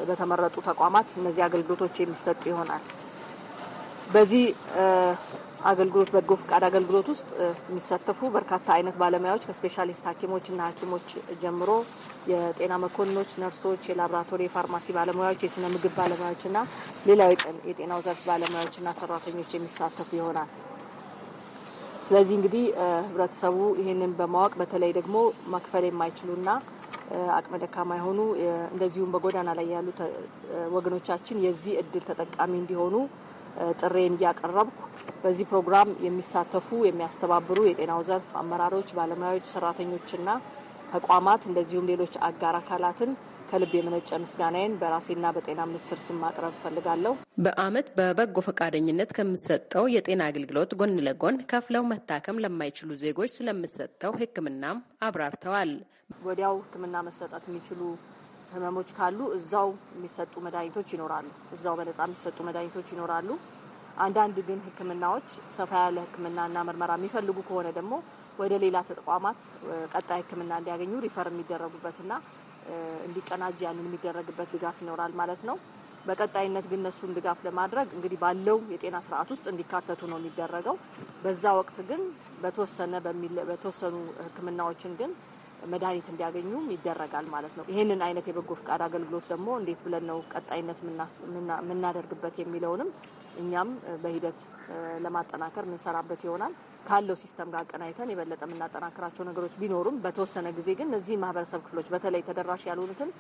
በተመረጡ ተቋማት እነዚህ አገልግሎቶች የሚሰጡ ይሆናል። በዚህ አገልግሎት በጎ ፍቃድ አገልግሎት ውስጥ የሚሳተፉ በርካታ አይነት ባለሙያዎች ከስፔሻሊስት ሐኪሞች እና ሐኪሞች ጀምሮ የጤና መኮንኖች፣ ነርሶች፣ የላብራቶሪ የፋርማሲ ባለሙያዎች፣ የስነ ምግብ ባለሙያዎች እና ሌላው የጤናው ዘርፍ ባለሙያዎች ሰራተኞች የሚሳተፉ ይሆናል። ስለዚህ እንግዲህ ህብረተሰቡ ይህንን በማወቅ በተለይ ደግሞ መክፈል የማይችሉና አቅመ ደካማ የሆኑ እንደዚሁም በጎዳና ላይ ያሉ ወገኖቻችን የዚህ እድል ተጠቃሚ እንዲሆኑ ጥሬን እያቀረብኩ በዚህ ፕሮግራም የሚሳተፉ የሚያስተባብሩ የጤናው ዘርፍ አመራሮች፣ ባለሙያዎች፣ ሰራተኞችና ተቋማት እንደዚሁም ሌሎች አጋር አካላትን ከልብ የመነጨ ምስጋናዬን በራሴና በጤና ሚኒስትር ስም ማቅረብ እፈልጋለሁ። በዓመት በበጎ ፈቃደኝነት ከምሰጠው የጤና አገልግሎት ጎን ለጎን ከፍለው መታከም ለማይችሉ ዜጎች ስለምሰጠው ሕክምናም አብራርተዋል። ወዲያው ሕክምና መሰጠት የሚችሉ ህመሞች ካሉ እዛው የሚሰጡ መድኃኒቶች ይኖራሉ። እዛው በነጻ የሚሰጡ መድኃኒቶች ይኖራሉ። አንዳንድ ግን ህክምናዎች ሰፋ ያለ ህክምናና ምርመራ የሚፈልጉ ከሆነ ደግሞ ወደ ሌላ ተቋማት ቀጣይ ህክምና እንዲያገኙ ሪፈር የሚደረጉበትና እንዲቀናጅ ያንን የሚደረግበት ድጋፍ ይኖራል ማለት ነው። በቀጣይነት ግን እነሱን ድጋፍ ለማድረግ እንግዲህ ባለው የጤና ስርዓት ውስጥ እንዲካተቱ ነው የሚደረገው። በዛ ወቅት ግን በተወሰነ በተወሰኑ ህክምናዎችን ግን መድኃኒት እንዲያገኙም ይደረጋል ማለት ነው። ይህንን አይነት የበጎ ፍቃድ አገልግሎት ደግሞ እንዴት ብለን ነው ቀጣይነት የምናደርግበት የሚለውንም እኛም በሂደት ለማጠናከር የምንሰራበት ይሆናል። ካለው ሲስተም ጋር አቀናይተን የበለጠ የምናጠናክራቸው ነገሮች ቢኖሩም በተወሰነ ጊዜ ግን እነዚህ ማህበረሰብ ክፍሎች በተለይ ተደራሽ ያልሆኑትን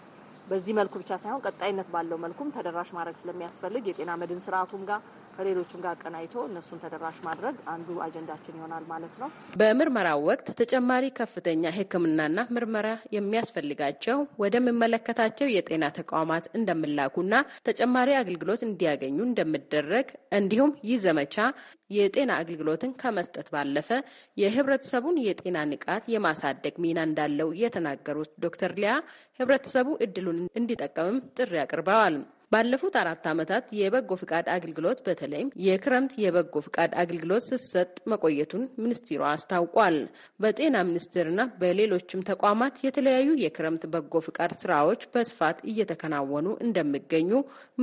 በዚህ መልኩ ብቻ ሳይሆን ቀጣይነት ባለው መልኩም ተደራሽ ማድረግ ስለሚያስፈልግ የጤና መድን ስርዓቱም ጋር ከሌሎችም ጋር አቀናይቶ እነሱን ተደራሽ ማድረግ አንዱ አጀንዳችን ይሆናል ማለት ነው። በምርመራው ወቅት ተጨማሪ ከፍተኛ ሕክምናና ምርመራ የሚያስፈልጋቸው ወደሚመለከታቸው የጤና ተቋማት እንደምላኩና ተጨማሪ አገልግሎት እንዲያገኙ እንደሚደረግ እንዲሁም ይህ ዘመቻ የጤና አገልግሎትን ከመስጠት ባለፈ የህብረተሰቡን የጤና ንቃት የማሳደግ ሚና እንዳለው የተናገሩት ዶክተር ሊያ ህብረተሰቡ እድሉን እንዲጠቀምም ጥሪ አቅርበዋል። ባለፉት አራት ዓመታት የበጎ ፍቃድ አገልግሎት በተለይም የክረምት የበጎ ፍቃድ አገልግሎት ስሰጥ መቆየቱን ሚኒስትሯ አስታውቋል። በጤና ሚኒስቴርና በሌሎችም ተቋማት የተለያዩ የክረምት በጎ ፍቃድ ስራዎች በስፋት እየተከናወኑ እንደሚገኙ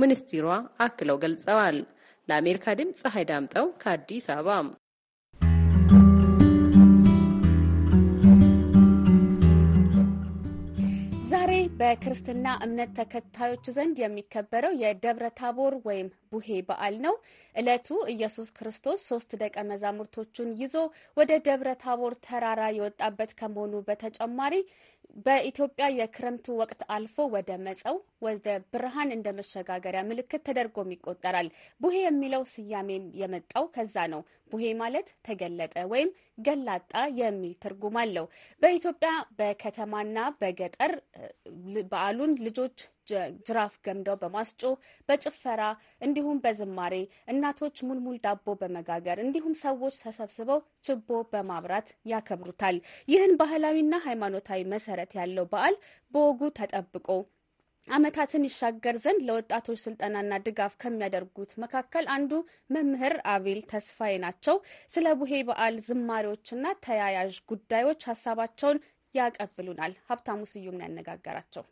ሚኒስትሯ አክለው ገልጸዋል። ለአሜሪካ ድምፅ ፀሐይ ዳምጠው ከአዲስ አበባ በክርስትና እምነት ተከታዮች ዘንድ የሚከበረው የደብረ ታቦር ወይም ቡሄ በዓል ነው። ዕለቱ ኢየሱስ ክርስቶስ ሶስት ደቀ መዛሙርቶቹን ይዞ ወደ ደብረ ታቦር ተራራ የወጣበት ከመሆኑ በተጨማሪ በኢትዮጵያ የክረምቱ ወቅት አልፎ ወደ መጸው ወደ ብርሃን እንደ መሸጋገሪያ ምልክት ተደርጎም ይቆጠራል። ቡሄ የሚለው ስያሜም የመጣው ከዛ ነው። ቡሄ ማለት ተገለጠ ወይም ገላጣ የሚል ትርጉም አለው። በኢትዮጵያ በከተማና በገጠር በዓሉን ልጆች ጅራፍ ገምደው በማስጮ በጭፈራ እንዲሁም በዝማሬ እናቶች ሙልሙል ዳቦ በመጋገር እንዲሁም ሰዎች ተሰብስበው ችቦ በማብራት ያከብሩታል። ይህን ባህላዊና ሃይማኖታዊ መሰረት ያለው በዓል በወጉ ተጠብቆ ዓመታትን ይሻገር ዘንድ ለወጣቶች ስልጠናና ድጋፍ ከሚያደርጉት መካከል አንዱ መምህር አቤል ተስፋዬ ናቸው። ስለ ቡሄ በዓል ዝማሬዎችና ተያያዥ ጉዳዮች ሀሳባቸውን ያቀብሉናል። ሀብታሙ ስዩም ነው ያነጋገራቸው።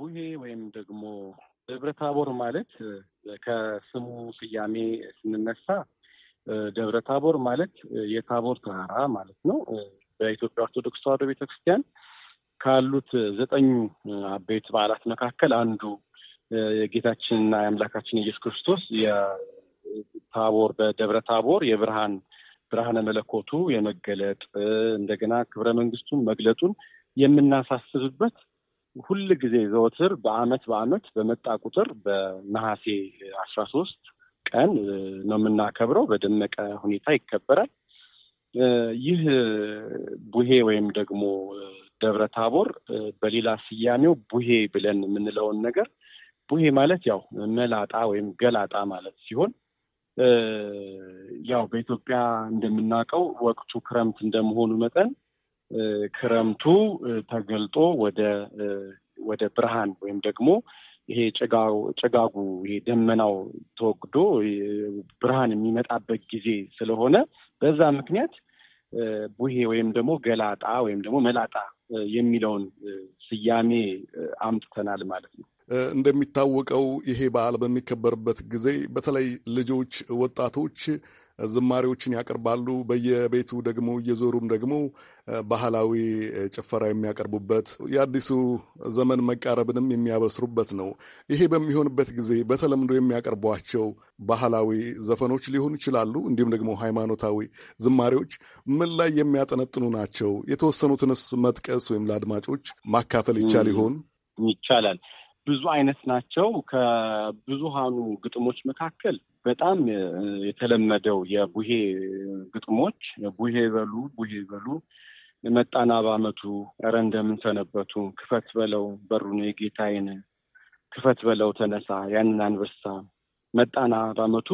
ቡሄ ወይም ደግሞ ደብረ ታቦር ማለት ከስሙ ስያሜ ስንነሳ ደብረ ታቦር ማለት የታቦር ተራራ ማለት ነው። በኢትዮጵያ ኦርቶዶክስ ተዋሕዶ ቤተክርስቲያን ካሉት ዘጠኙ አበይት በዓላት መካከል አንዱ የጌታችንና የአምላካችን ኢየሱስ ክርስቶስ የታቦር በደብረ ታቦር የብርሃን ብርሃነ መለኮቱ የመገለጥ እንደገና ክብረ መንግስቱን መግለጡን የምናሳስብበት ሁል ጊዜ ዘወትር በአመት በአመት በመጣ ቁጥር በነሐሴ አስራ ሶስት ቀን ነው የምናከብረው። በደመቀ ሁኔታ ይከበራል። ይህ ቡሄ ወይም ደግሞ ደብረ ታቦር በሌላ ስያሜው ቡሄ ብለን የምንለውን ነገር ቡሄ ማለት ያው መላጣ ወይም ገላጣ ማለት ሲሆን ያው በኢትዮጵያ እንደምናውቀው ወቅቱ ክረምት እንደመሆኑ መጠን ክረምቱ ተገልጦ ወደ ወደ ብርሃን ወይም ደግሞ ይሄ ጭጋጉ ይሄ ደመናው ተወግዶ ብርሃን የሚመጣበት ጊዜ ስለሆነ በዛ ምክንያት ቡሄ ወይም ደግሞ ገላጣ ወይም ደግሞ መላጣ የሚለውን ስያሜ አምጥተናል ማለት ነው። እንደሚታወቀው ይሄ በዓል በሚከበርበት ጊዜ በተለይ ልጆች፣ ወጣቶች ዝማሬዎችን ያቀርባሉ። በየቤቱ ደግሞ እየዞሩም ደግሞ ባህላዊ ጭፈራ የሚያቀርቡበት የአዲሱ ዘመን መቃረብንም የሚያበስሩበት ነው። ይሄ በሚሆንበት ጊዜ በተለምዶ የሚያቀርቧቸው ባህላዊ ዘፈኖች ሊሆኑ ይችላሉ። እንዲሁም ደግሞ ሃይማኖታዊ ዝማሬዎች ምን ላይ የሚያጠነጥኑ ናቸው? የተወሰኑትንስ መጥቀስ ወይም ለአድማጮች ማካፈል ይቻል ይሆን? ይቻላል። ብዙ አይነት ናቸው። ከብዙሃኑ ግጥሞች መካከል በጣም የተለመደው የቡሄ ግጥሞች ቡሄ በሉ ቡሄ በሉ መጣና በአመቱ ረ እንደምንሰነበቱ ክፈት በለው በሩን አይን ክፈት በለው ተነሳ ያንን አንበሳ መጣና በአመቱ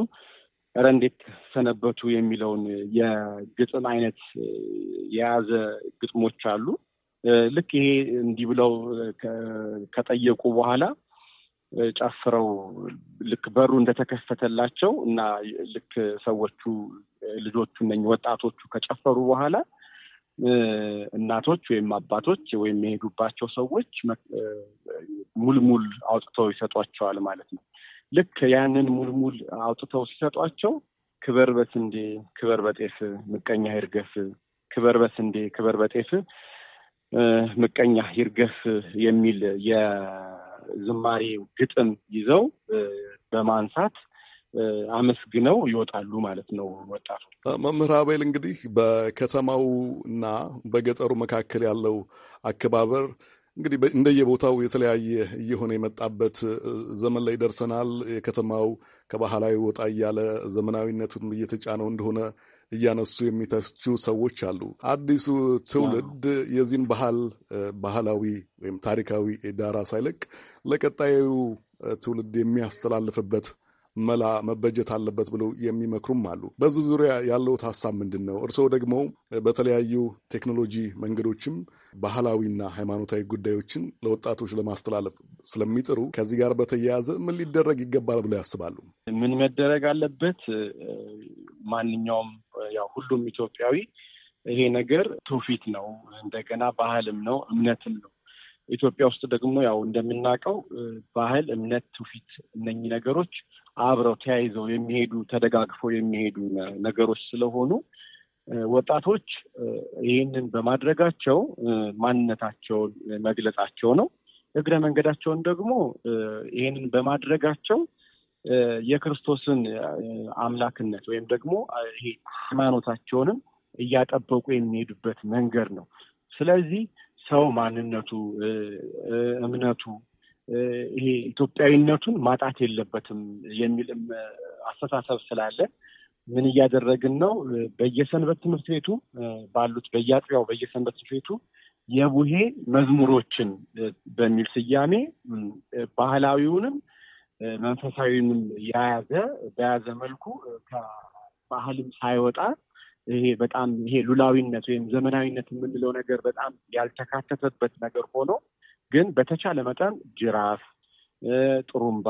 ረ እንዴት ሰነበቱ የሚለውን የግጥም አይነት የያዘ ግጥሞች አሉ። ልክ ይሄ እንዲህ ብለው ከጠየቁ በኋላ ጨፍረው ልክ በሩ እንደተከፈተላቸው እና ልክ ሰዎቹ ልጆቹ እነ ወጣቶቹ ከጨፈሩ በኋላ እናቶች ወይም አባቶች ወይም የሄዱባቸው ሰዎች ሙልሙል አውጥተው ይሰጧቸዋል ማለት ነው። ልክ ያንን ሙልሙል አውጥተው ሲሰጧቸው ክበር በስንዴ ክበር በጤፍ ምቀኛ ይርገፍ፣ ክበር በስንዴ ክበር በጤፍ ምቀኛ ይርገፍ የሚል ዝማሬ፣ ግጥም ይዘው በማንሳት አመስግነው ይወጣሉ ማለት ነው። ወጣቱ መምህር አቤል እንግዲህ በከተማውና በገጠሩ መካከል ያለው አከባበር እንግዲህ እንደየቦታው የተለያየ እየሆነ የመጣበት ዘመን ላይ ደርሰናል። የከተማው ከባህላዊ ወጣ እያለ ዘመናዊነቱም እየተጫነው እንደሆነ እያነሱ የሚተቹ ሰዎች አሉ። አዲሱ ትውልድ የዚህን ባህል ባህላዊ ወይም ታሪካዊ ዳራ ሳይለቅ ለቀጣዩ ትውልድ የሚያስተላልፍበት መላ መበጀት አለበት ብለው የሚመክሩም አሉ። በዚህ ዙሪያ ያለውት ሀሳብ ምንድን ነው? እርስዎ ደግሞ በተለያዩ ቴክኖሎጂ መንገዶችም ባህላዊና ሃይማኖታዊ ጉዳዮችን ለወጣቶች ለማስተላለፍ ስለሚጥሩ ከዚህ ጋር በተያያዘ ምን ሊደረግ ይገባል ብለው ያስባሉ? ምን መደረግ አለበት? ማንኛውም ያው ሁሉም ኢትዮጵያዊ ይሄ ነገር ትውፊት ነው፣ እንደገና ባህልም ነው፣ እምነትም ነው። ኢትዮጵያ ውስጥ ደግሞ ያው እንደምናውቀው ባህል፣ እምነት፣ ትውፊት እነኚህ ነገሮች አብረው ተያይዘው የሚሄዱ ተደጋግፈው የሚሄዱ ነገሮች ስለሆኑ ወጣቶች ይህንን በማድረጋቸው ማንነታቸውን መግለጻቸው ነው። እግረ መንገዳቸውን ደግሞ ይህንን በማድረጋቸው የክርስቶስን አምላክነት ወይም ደግሞ ይሄ ሃይማኖታቸውንም እያጠበቁ የሚሄዱበት መንገድ ነው። ስለዚህ ሰው ማንነቱ፣ እምነቱ ይሄ ኢትዮጵያዊነቱን ማጣት የለበትም የሚልም አስተሳሰብ ስላለ ምን እያደረግን ነው? በየሰንበት ትምህርት ቤቱ ባሉት በየአጥቢያው በየሰንበት ትምህርት ቤቱ የቡሄ መዝሙሮችን በሚል ስያሜ ባህላዊውንም መንፈሳዊንም የያዘ በያዘ መልኩ ከባህልም ሳይወጣ ይሄ በጣም ይሄ ሉላዊነት ወይም ዘመናዊነት የምንለው ነገር በጣም ያልተካተተበት ነገር ሆኖ ግን በተቻለ መጠን ጅራፍ፣ ጥሩምባ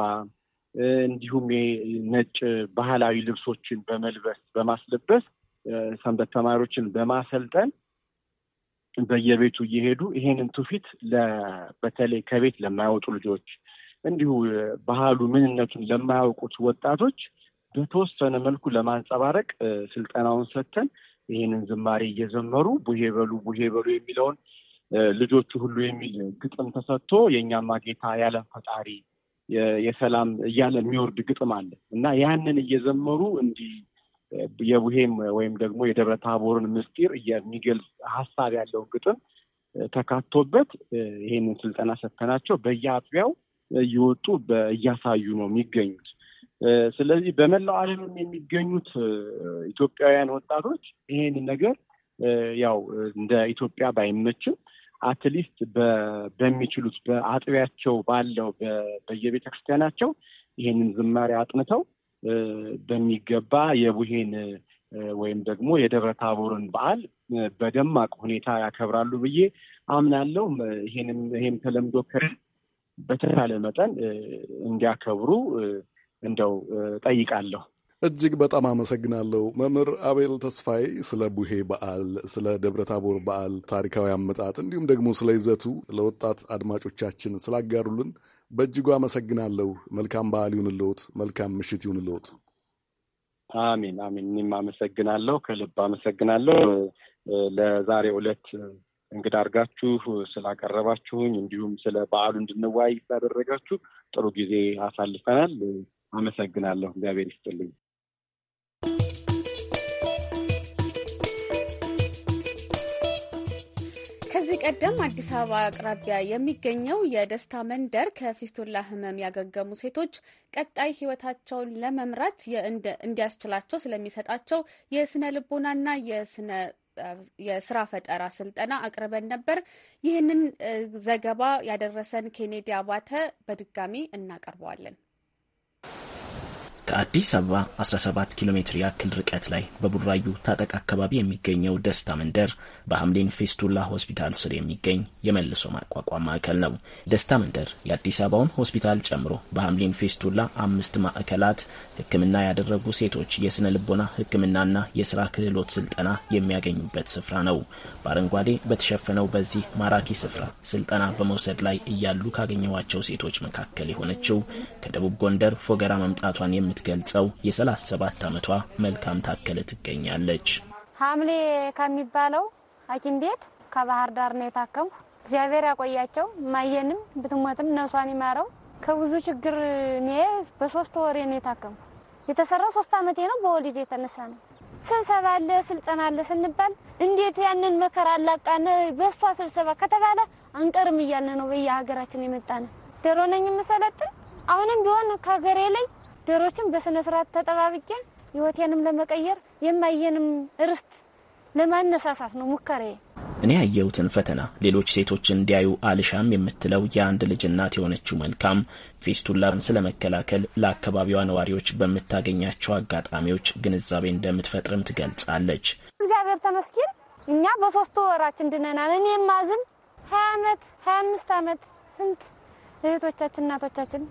እንዲሁም ነጭ ባህላዊ ልብሶችን በመልበስ በማስለበስ ሰንበት ተማሪዎችን በማሰልጠን በየቤቱ እየሄዱ ይሄንን ትውፊት በተለይ ከቤት ለማይወጡ ልጆች እንዲሁ ባህሉ ምንነቱን ለማያውቁት ወጣቶች በተወሰነ መልኩ ለማንጸባረቅ ስልጠናውን ሰጥተን ይህንን ዝማሬ እየዘመሩ ቡሄ በሉ ቡሄ በሉ የሚለውን ልጆቹ ሁሉ የሚል ግጥም ተሰጥቶ የእኛማ ጌታ ያለም ፈጣሪ የሰላም እያለ የሚወርድ ግጥም አለ እና ያንን እየዘመሩ እንዲህ የቡሄም ወይም ደግሞ የደብረ ታቦርን ምስጢር የሚገልጽ ሀሳብ ያለው ግጥም ተካቶበት ይሄንን ስልጠና ሰተናቸው በየአጥቢያው እየወጡ እያሳዩ ነው የሚገኙት። ስለዚህ በመላው ዓለምም የሚገኙት ኢትዮጵያውያን ወጣቶች ይሄንን ነገር ያው እንደ ኢትዮጵያ ባይመችም አትሊስት በሚችሉት በአጥቢያቸው ባለው በየቤተ ክርስቲያናቸው ይህንን ዝማሬ አጥንተው በሚገባ የቡሄን ወይም ደግሞ የደብረ ታቦርን በዓል በደማቅ ሁኔታ ያከብራሉ ብዬ አምናለሁ። ይሄንም ይሄም ተለምዶ ከ በተቻለ መጠን እንዲያከብሩ እንደው ጠይቃለሁ። እጅግ በጣም አመሰግናለሁ መምህር አቤል ተስፋዬ ስለ ቡሄ በዓል፣ ስለ ደብረ ታቦር በዓል ታሪካዊ አመጣጥ እንዲሁም ደግሞ ስለ ይዘቱ ለወጣት አድማጮቻችን ስላጋሩልን በእጅጉ አመሰግናለሁ። መልካም በዓል ይሁንልዎት። መልካም ምሽት ይሁንልዎት። አሚን አሚን። እኔም አመሰግናለሁ፣ ከልብ አመሰግናለሁ። ለዛሬ ዕለት እንግዳ አድርጋችሁ ስላቀረባችሁኝ እንዲሁም ስለ በዓሉ እንድንወያይ ስላደረጋችሁ ጥሩ ጊዜ አሳልፈናል። አመሰግናለሁ። እግዚአብሔር ይስጥልኝ። ቀደም አዲስ አበባ አቅራቢያ የሚገኘው የደስታ መንደር ከፊስቱላ ህመም ያገገሙ ሴቶች ቀጣይ ህይወታቸውን ለመምራት እንዲያስችላቸው ስለሚሰጣቸው የስነ ልቦናና የስነ የስራ ፈጠራ ስልጠና አቅርበን ነበር። ይህንን ዘገባ ያደረሰን ኬኔዲ አባተ በድጋሚ እናቀርበዋለን። ከአዲስ አበባ 17 ኪሎ ሜትር ያክል ርቀት ላይ በቡራዩ ታጠቅ አካባቢ የሚገኘው ደስታ መንደር በሐምሌን ፌስቱላ ሆስፒታል ስር የሚገኝ የመልሶ ማቋቋም ማዕከል ነው። ደስታ መንደር የአዲስ አበባውን ሆስፒታል ጨምሮ በሐምሌን ፌስቱላ አምስት ማዕከላት ሕክምና ያደረጉ ሴቶች የስነ ልቦና ሕክምናና የስራ ክህሎት ስልጠና የሚያገኙበት ስፍራ ነው። በአረንጓዴ በተሸፈነው በዚህ ማራኪ ስፍራ ስልጠና በመውሰድ ላይ እያሉ ካገኘዋቸው ሴቶች መካከል የሆነችው ከደቡብ ጎንደር ፎገራ መምጣቷን የሚ የምትገልጸው የ37 ዓመቷ መልካም ታከለ ትገኛለች። ሐምሌ ከሚባለው ሐኪም ቤት ከባህር ዳር ነው የታከምኩ። እግዚአብሔር ያቆያቸው። ማየንም ብትሞትም ነፍሷን ይማረው። ከብዙ ችግር ኔ በሶስት ወሬ ነው የታከምኩ። የተሰራ ሶስት ዓመቴ ነው። በወሊድ የተነሳ ነው። ስብሰባ አለ ስልጠና አለ ስንባል እንዴት ያንን መከራ አላቃነ በእሷ ስብሰባ ከተባለ አንቀርም እያለ ነው በየሀገራችን የመጣ ነው። ዶሮ ነኝ የምሰለጥን አሁንም ቢሆን ከሀገሬ ላይ ዶሮችን በስነ ስርዓት ተጠባብቄ ህይወቴንም ለመቀየር የማየንም ርስት ለማነሳሳት ነው ሙከሬ። እኔ ያየሁትን ፈተና ሌሎች ሴቶች እንዲያዩ አልሻም የምትለው የአንድ ልጅ እናት የሆነችው መልካም ፌስቱላን ስለመከላከል ለአካባቢዋ ነዋሪዎች በምታገኛቸው አጋጣሚዎች ግንዛቤ እንደምትፈጥርም ትገልጻለች። እግዚአብሔር ተመስገን እኛ በሶስቱ ወራችን ድነናል። እኔ ማዝም ሀያ አመት ሀያ አምስት አመት ስንት እህቶቻችን እናቶቻችን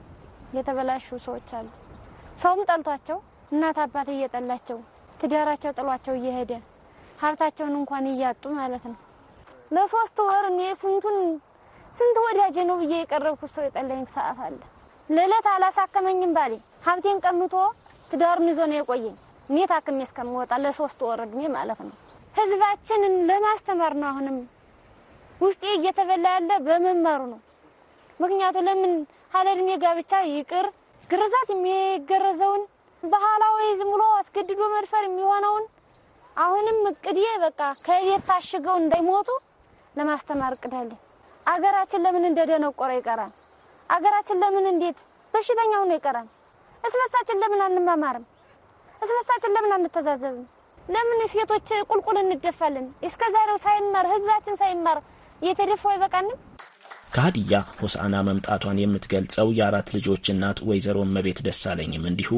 የተበላሹ ሰዎች አሉ። ሰውም ጠልቷቸው እናት አባት እየጠላቸው ትዳራቸው ጥሏቸው እየሄደ ሀብታቸውን እንኳን እያጡ ማለት ነው። ለሶስት ወር እኔ ስንቱን ስንት ወዳጄ ነው ብዬ የቀረብኩት ሰው የጠለኝ ሰዓት አለ። ለዕለት አላሳከመኝም ባሌ ሀብቴን ቀምቶ ትዳሩን ይዞ ነው የቆየኝ። እኔ ታክሜ እስከምወጣ ለሶስት ወር እድሜ ማለት ነው። ህዝባችንን ለማስተማር ነው። አሁንም ውስጤ እየተበላ ያለ በመማሩ ነው። ምክንያቱ ለምን ያለ እድሜ ጋብቻ ይቅር ግርዛት የሚገረዘውን ባህላዊ ዝም ብሎ አስገድዶ መድፈር የሚሆነውን አሁንም እቅዴ በቃ ከቤት ታሽገው እንዳይሞቱ ለማስተማር እቅዳለን። አገራችን ለምን እንደደነቆረ ይቀራል? አገራችን ለምን እንዴት በሽተኛ ሆኖ ይቀራል? እስበሳችን ለምን አንማማርም? እስበሳችን ለምን አንተዛዘብም? ለምን ሴቶች ቁልቁል እንደፋለን? እስከዛሬው ሳይማር ህዝባችን ሳይማር እየተደፋው አይበቃንም? ከሀዲያ ሆሳና መምጣቷን የምትገልጸው የአራት ልጆች እናት ወይዘሮ እመቤት ደሳለኝም እንዲሁ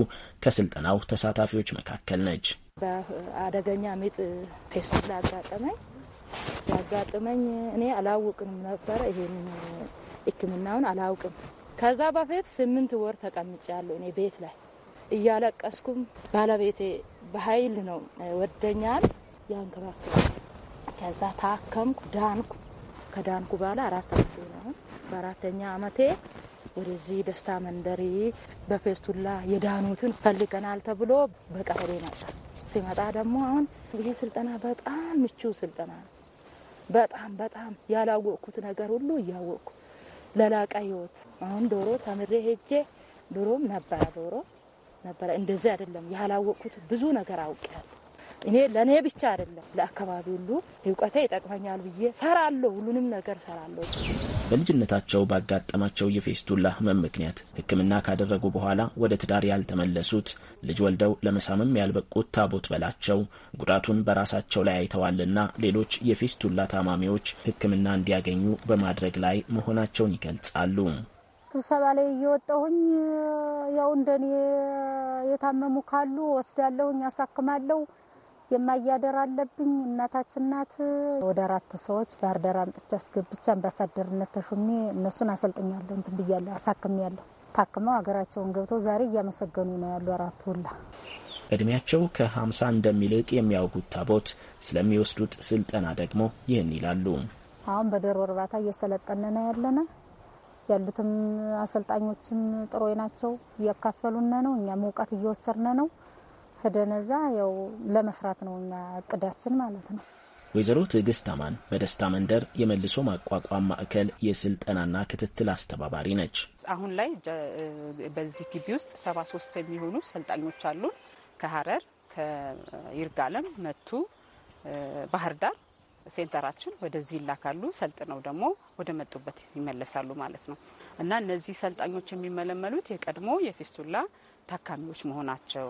ከስልጠናው ተሳታፊዎች መካከል ነች። በአደገኛ ምጥ ፔስት ላጋጠመኝ ያጋጥመኝ እኔ አላውቅም ነበረ። ይሄን ሕክምናውን አላውቅም። ከዛ በፊት ስምንት ወር ተቀምጫለሁ እኔ ቤት ላይ እያለቀስኩም ባለቤቴ በኃይል ነው ወደኛል ያንከባከብ። ከዛ ታከምኩ ዳንኩ። ከዳንኩ በኋላ አራት አመቴ ነው። በአራተኛ አመቴ ወደዚህ ደስታ መንደሪ በፌስቱላ የዳኑትን ፈልገናል ተብሎ በቀበሌ መጣ። ሲመጣ ደግሞ አሁን ይሄ ስልጠና በጣም ምቹ ስልጠና ነው። በጣም በጣም ያላወቅኩት ነገር ሁሉ እያወቅኩ ለላቀ ህይወት አሁን ዶሮ ተምሬ ሄጄ ዶሮም ነበረ ዶሮ ነበረ እንደዚህ አይደለም ያላወቅኩት ብዙ ነገር አውቄያለሁ። እኔ ለእኔ ብቻ አይደለም ለአካባቢ ሁሉ እውቀቴ ይጠቅመኛል ብዬ ሰራለሁ፣ ሁሉንም ነገር ሰራለሁ። በልጅነታቸው ባጋጠማቸው የፌስቱላ ህመም ምክንያት ሕክምና ካደረጉ በኋላ ወደ ትዳር ያልተመለሱት ልጅ ወልደው ለመሳምም ያልበቁት ታቦት በላቸው ጉዳቱን በራሳቸው ላይ አይተዋልና ሌሎች የፌስቱላ ታማሚዎች ሕክምና እንዲያገኙ በማድረግ ላይ መሆናቸውን ይገልጻሉ። ስብሰባ ላይ እየወጣሁኝ ያው እንደኔ የታመሙ ካሉ ወስዳለሁኝ፣ ያሳክማለሁ የማያደር አለብኝ እናታችን ናት። ወደ አራት ሰዎች ባህር ዳር አምጥቼ አስገብቼ አምባሳደርነት ተሹሜ እነሱን አሰልጥኛለሁ፣ እንትን ብያለሁ፣ አሳክሜያለሁ። ታክመው ሀገራቸውን ገብተው ዛሬ እያመሰገኑ ነው ያሉ አራቱ ሁላ እድሜያቸው ከ50 እንደሚልቅ የሚያውጉት ታቦት ስለሚወስዱት ስልጠና ደግሞ ይህን ይላሉ። አሁን በዶሮ እርባታ እየሰለጠነ ነው ያለነ ያሉትም አሰልጣኞችም ጥሩ ናቸው፣ እያካፈሉነ ነው። እኛም እውቀት እየወሰድን ነው። ህደነዛ ያው ለመስራት ነው እኛ እቅዳችን ማለት ነው። ወይዘሮ ትዕግስት አማን በደስታ መንደር የመልሶ ማቋቋም ማዕከል የስልጠናና ክትትል አስተባባሪ ነች። አሁን ላይ በዚህ ግቢ ውስጥ ሰባ ሶስት የሚሆኑ ሰልጣኞች አሉ። ከሀረር ከይርጋለም፣ መቱ፣ ባህር ዳር ሴንተራችን ወደዚህ ይላካሉ። ሰልጥነው ደግሞ ወደ መጡበት ይመለሳሉ ማለት ነው እና እነዚህ ሰልጣኞች የሚመለመሉት የቀድሞ የፊስቱላ ታካሚዎች መሆናቸው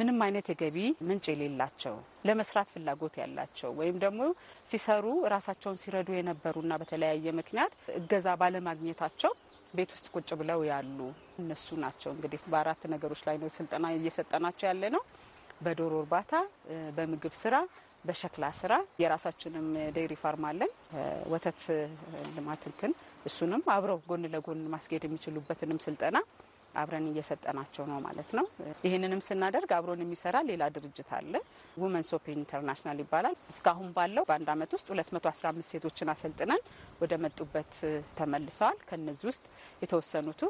ምንም አይነት የገቢ ምንጭ የሌላቸው ለመስራት ፍላጎት ያላቸው ወይም ደግሞ ሲሰሩ ራሳቸውን ሲረዱ የነበሩና በተለያየ ምክንያት እገዛ ባለማግኘታቸው ቤት ውስጥ ቁጭ ብለው ያሉ እነሱ ናቸው። እንግዲህ በአራት ነገሮች ላይ ነው ስልጠና እየሰጠናቸው ያለ ነው። በዶሮ እርባታ፣ በምግብ ስራ፣ በሸክላ ስራ የራሳችንም ዴይሪ ፋርም አለን። ወተት ልማት እንትን እሱንም አብረው ጎን ለጎን ማስጌድ የሚችሉበትንም ስልጠና አብረን እየሰጠናቸው ነው ማለት ነው። ይህንንም ስናደርግ አብሮን የሚሰራ ሌላ ድርጅት አለ። ውመንስ ኦፕ ኢንተርናሽናል ይባላል። እስካሁን ባለው በአንድ አመት ውስጥ 215 ሴቶችን አሰልጥነን ወደ መጡበት ተመልሰዋል። ከነዚህ ውስጥ የተወሰኑቱ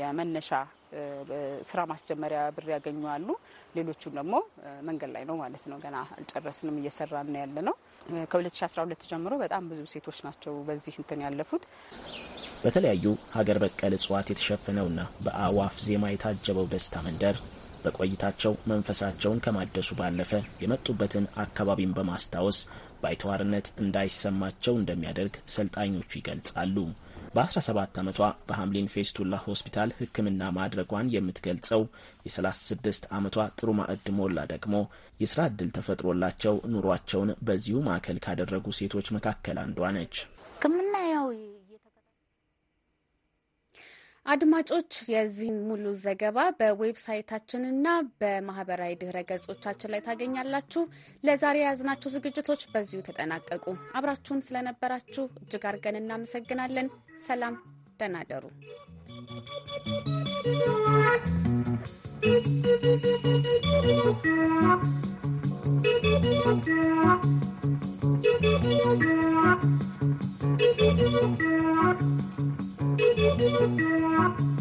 የመነሻ ስራ ማስጀመሪያ ብር ያገኙ አሉ። ሌሎቹም ደግሞ መንገድ ላይ ነው ማለት ነው። ገና አልጨረስንም፣ እየሰራን ነው ያለ ነው። ከ2012 ጀምሮ በጣም ብዙ ሴቶች ናቸው በዚህ እንትን ያለፉት። በተለያዩ ሀገር በቀል እጽዋት የተሸፈነውና በአእዋፍ ዜማ የታጀበው ደስታ መንደር በቆይታቸው መንፈሳቸውን ከማደሱ ባለፈ የመጡበትን አካባቢን በማስታወስ ባይተዋርነት እንዳይሰማቸው እንደሚያደርግ ሰልጣኞቹ ይገልጻሉ። በ17 ዓመቷ በሐምሊን ፌስቱላ ሆስፒታል ሕክምና ማድረጓን የምትገልጸው የ36 ዓመቷ ጥሩ ማዕድ ሞላ ደግሞ የሥራ ዕድል ተፈጥሮላቸው ኑሯቸውን በዚሁ ማዕከል ካደረጉ ሴቶች መካከል አንዷ ነች። ሕክምና አድማጮች የዚህ ሙሉ ዘገባ በዌብሳይታችንና በማህበራዊ ድህረ ገጾቻችን ላይ ታገኛላችሁ። ለዛሬ የያዝናቸው ዝግጅቶች በዚሁ ተጠናቀቁ። አብራችሁን ስለነበራችሁ እጅግ አድርገን እናመሰግናለን። ሰላም፣ ደህና ደሩ። Thank you.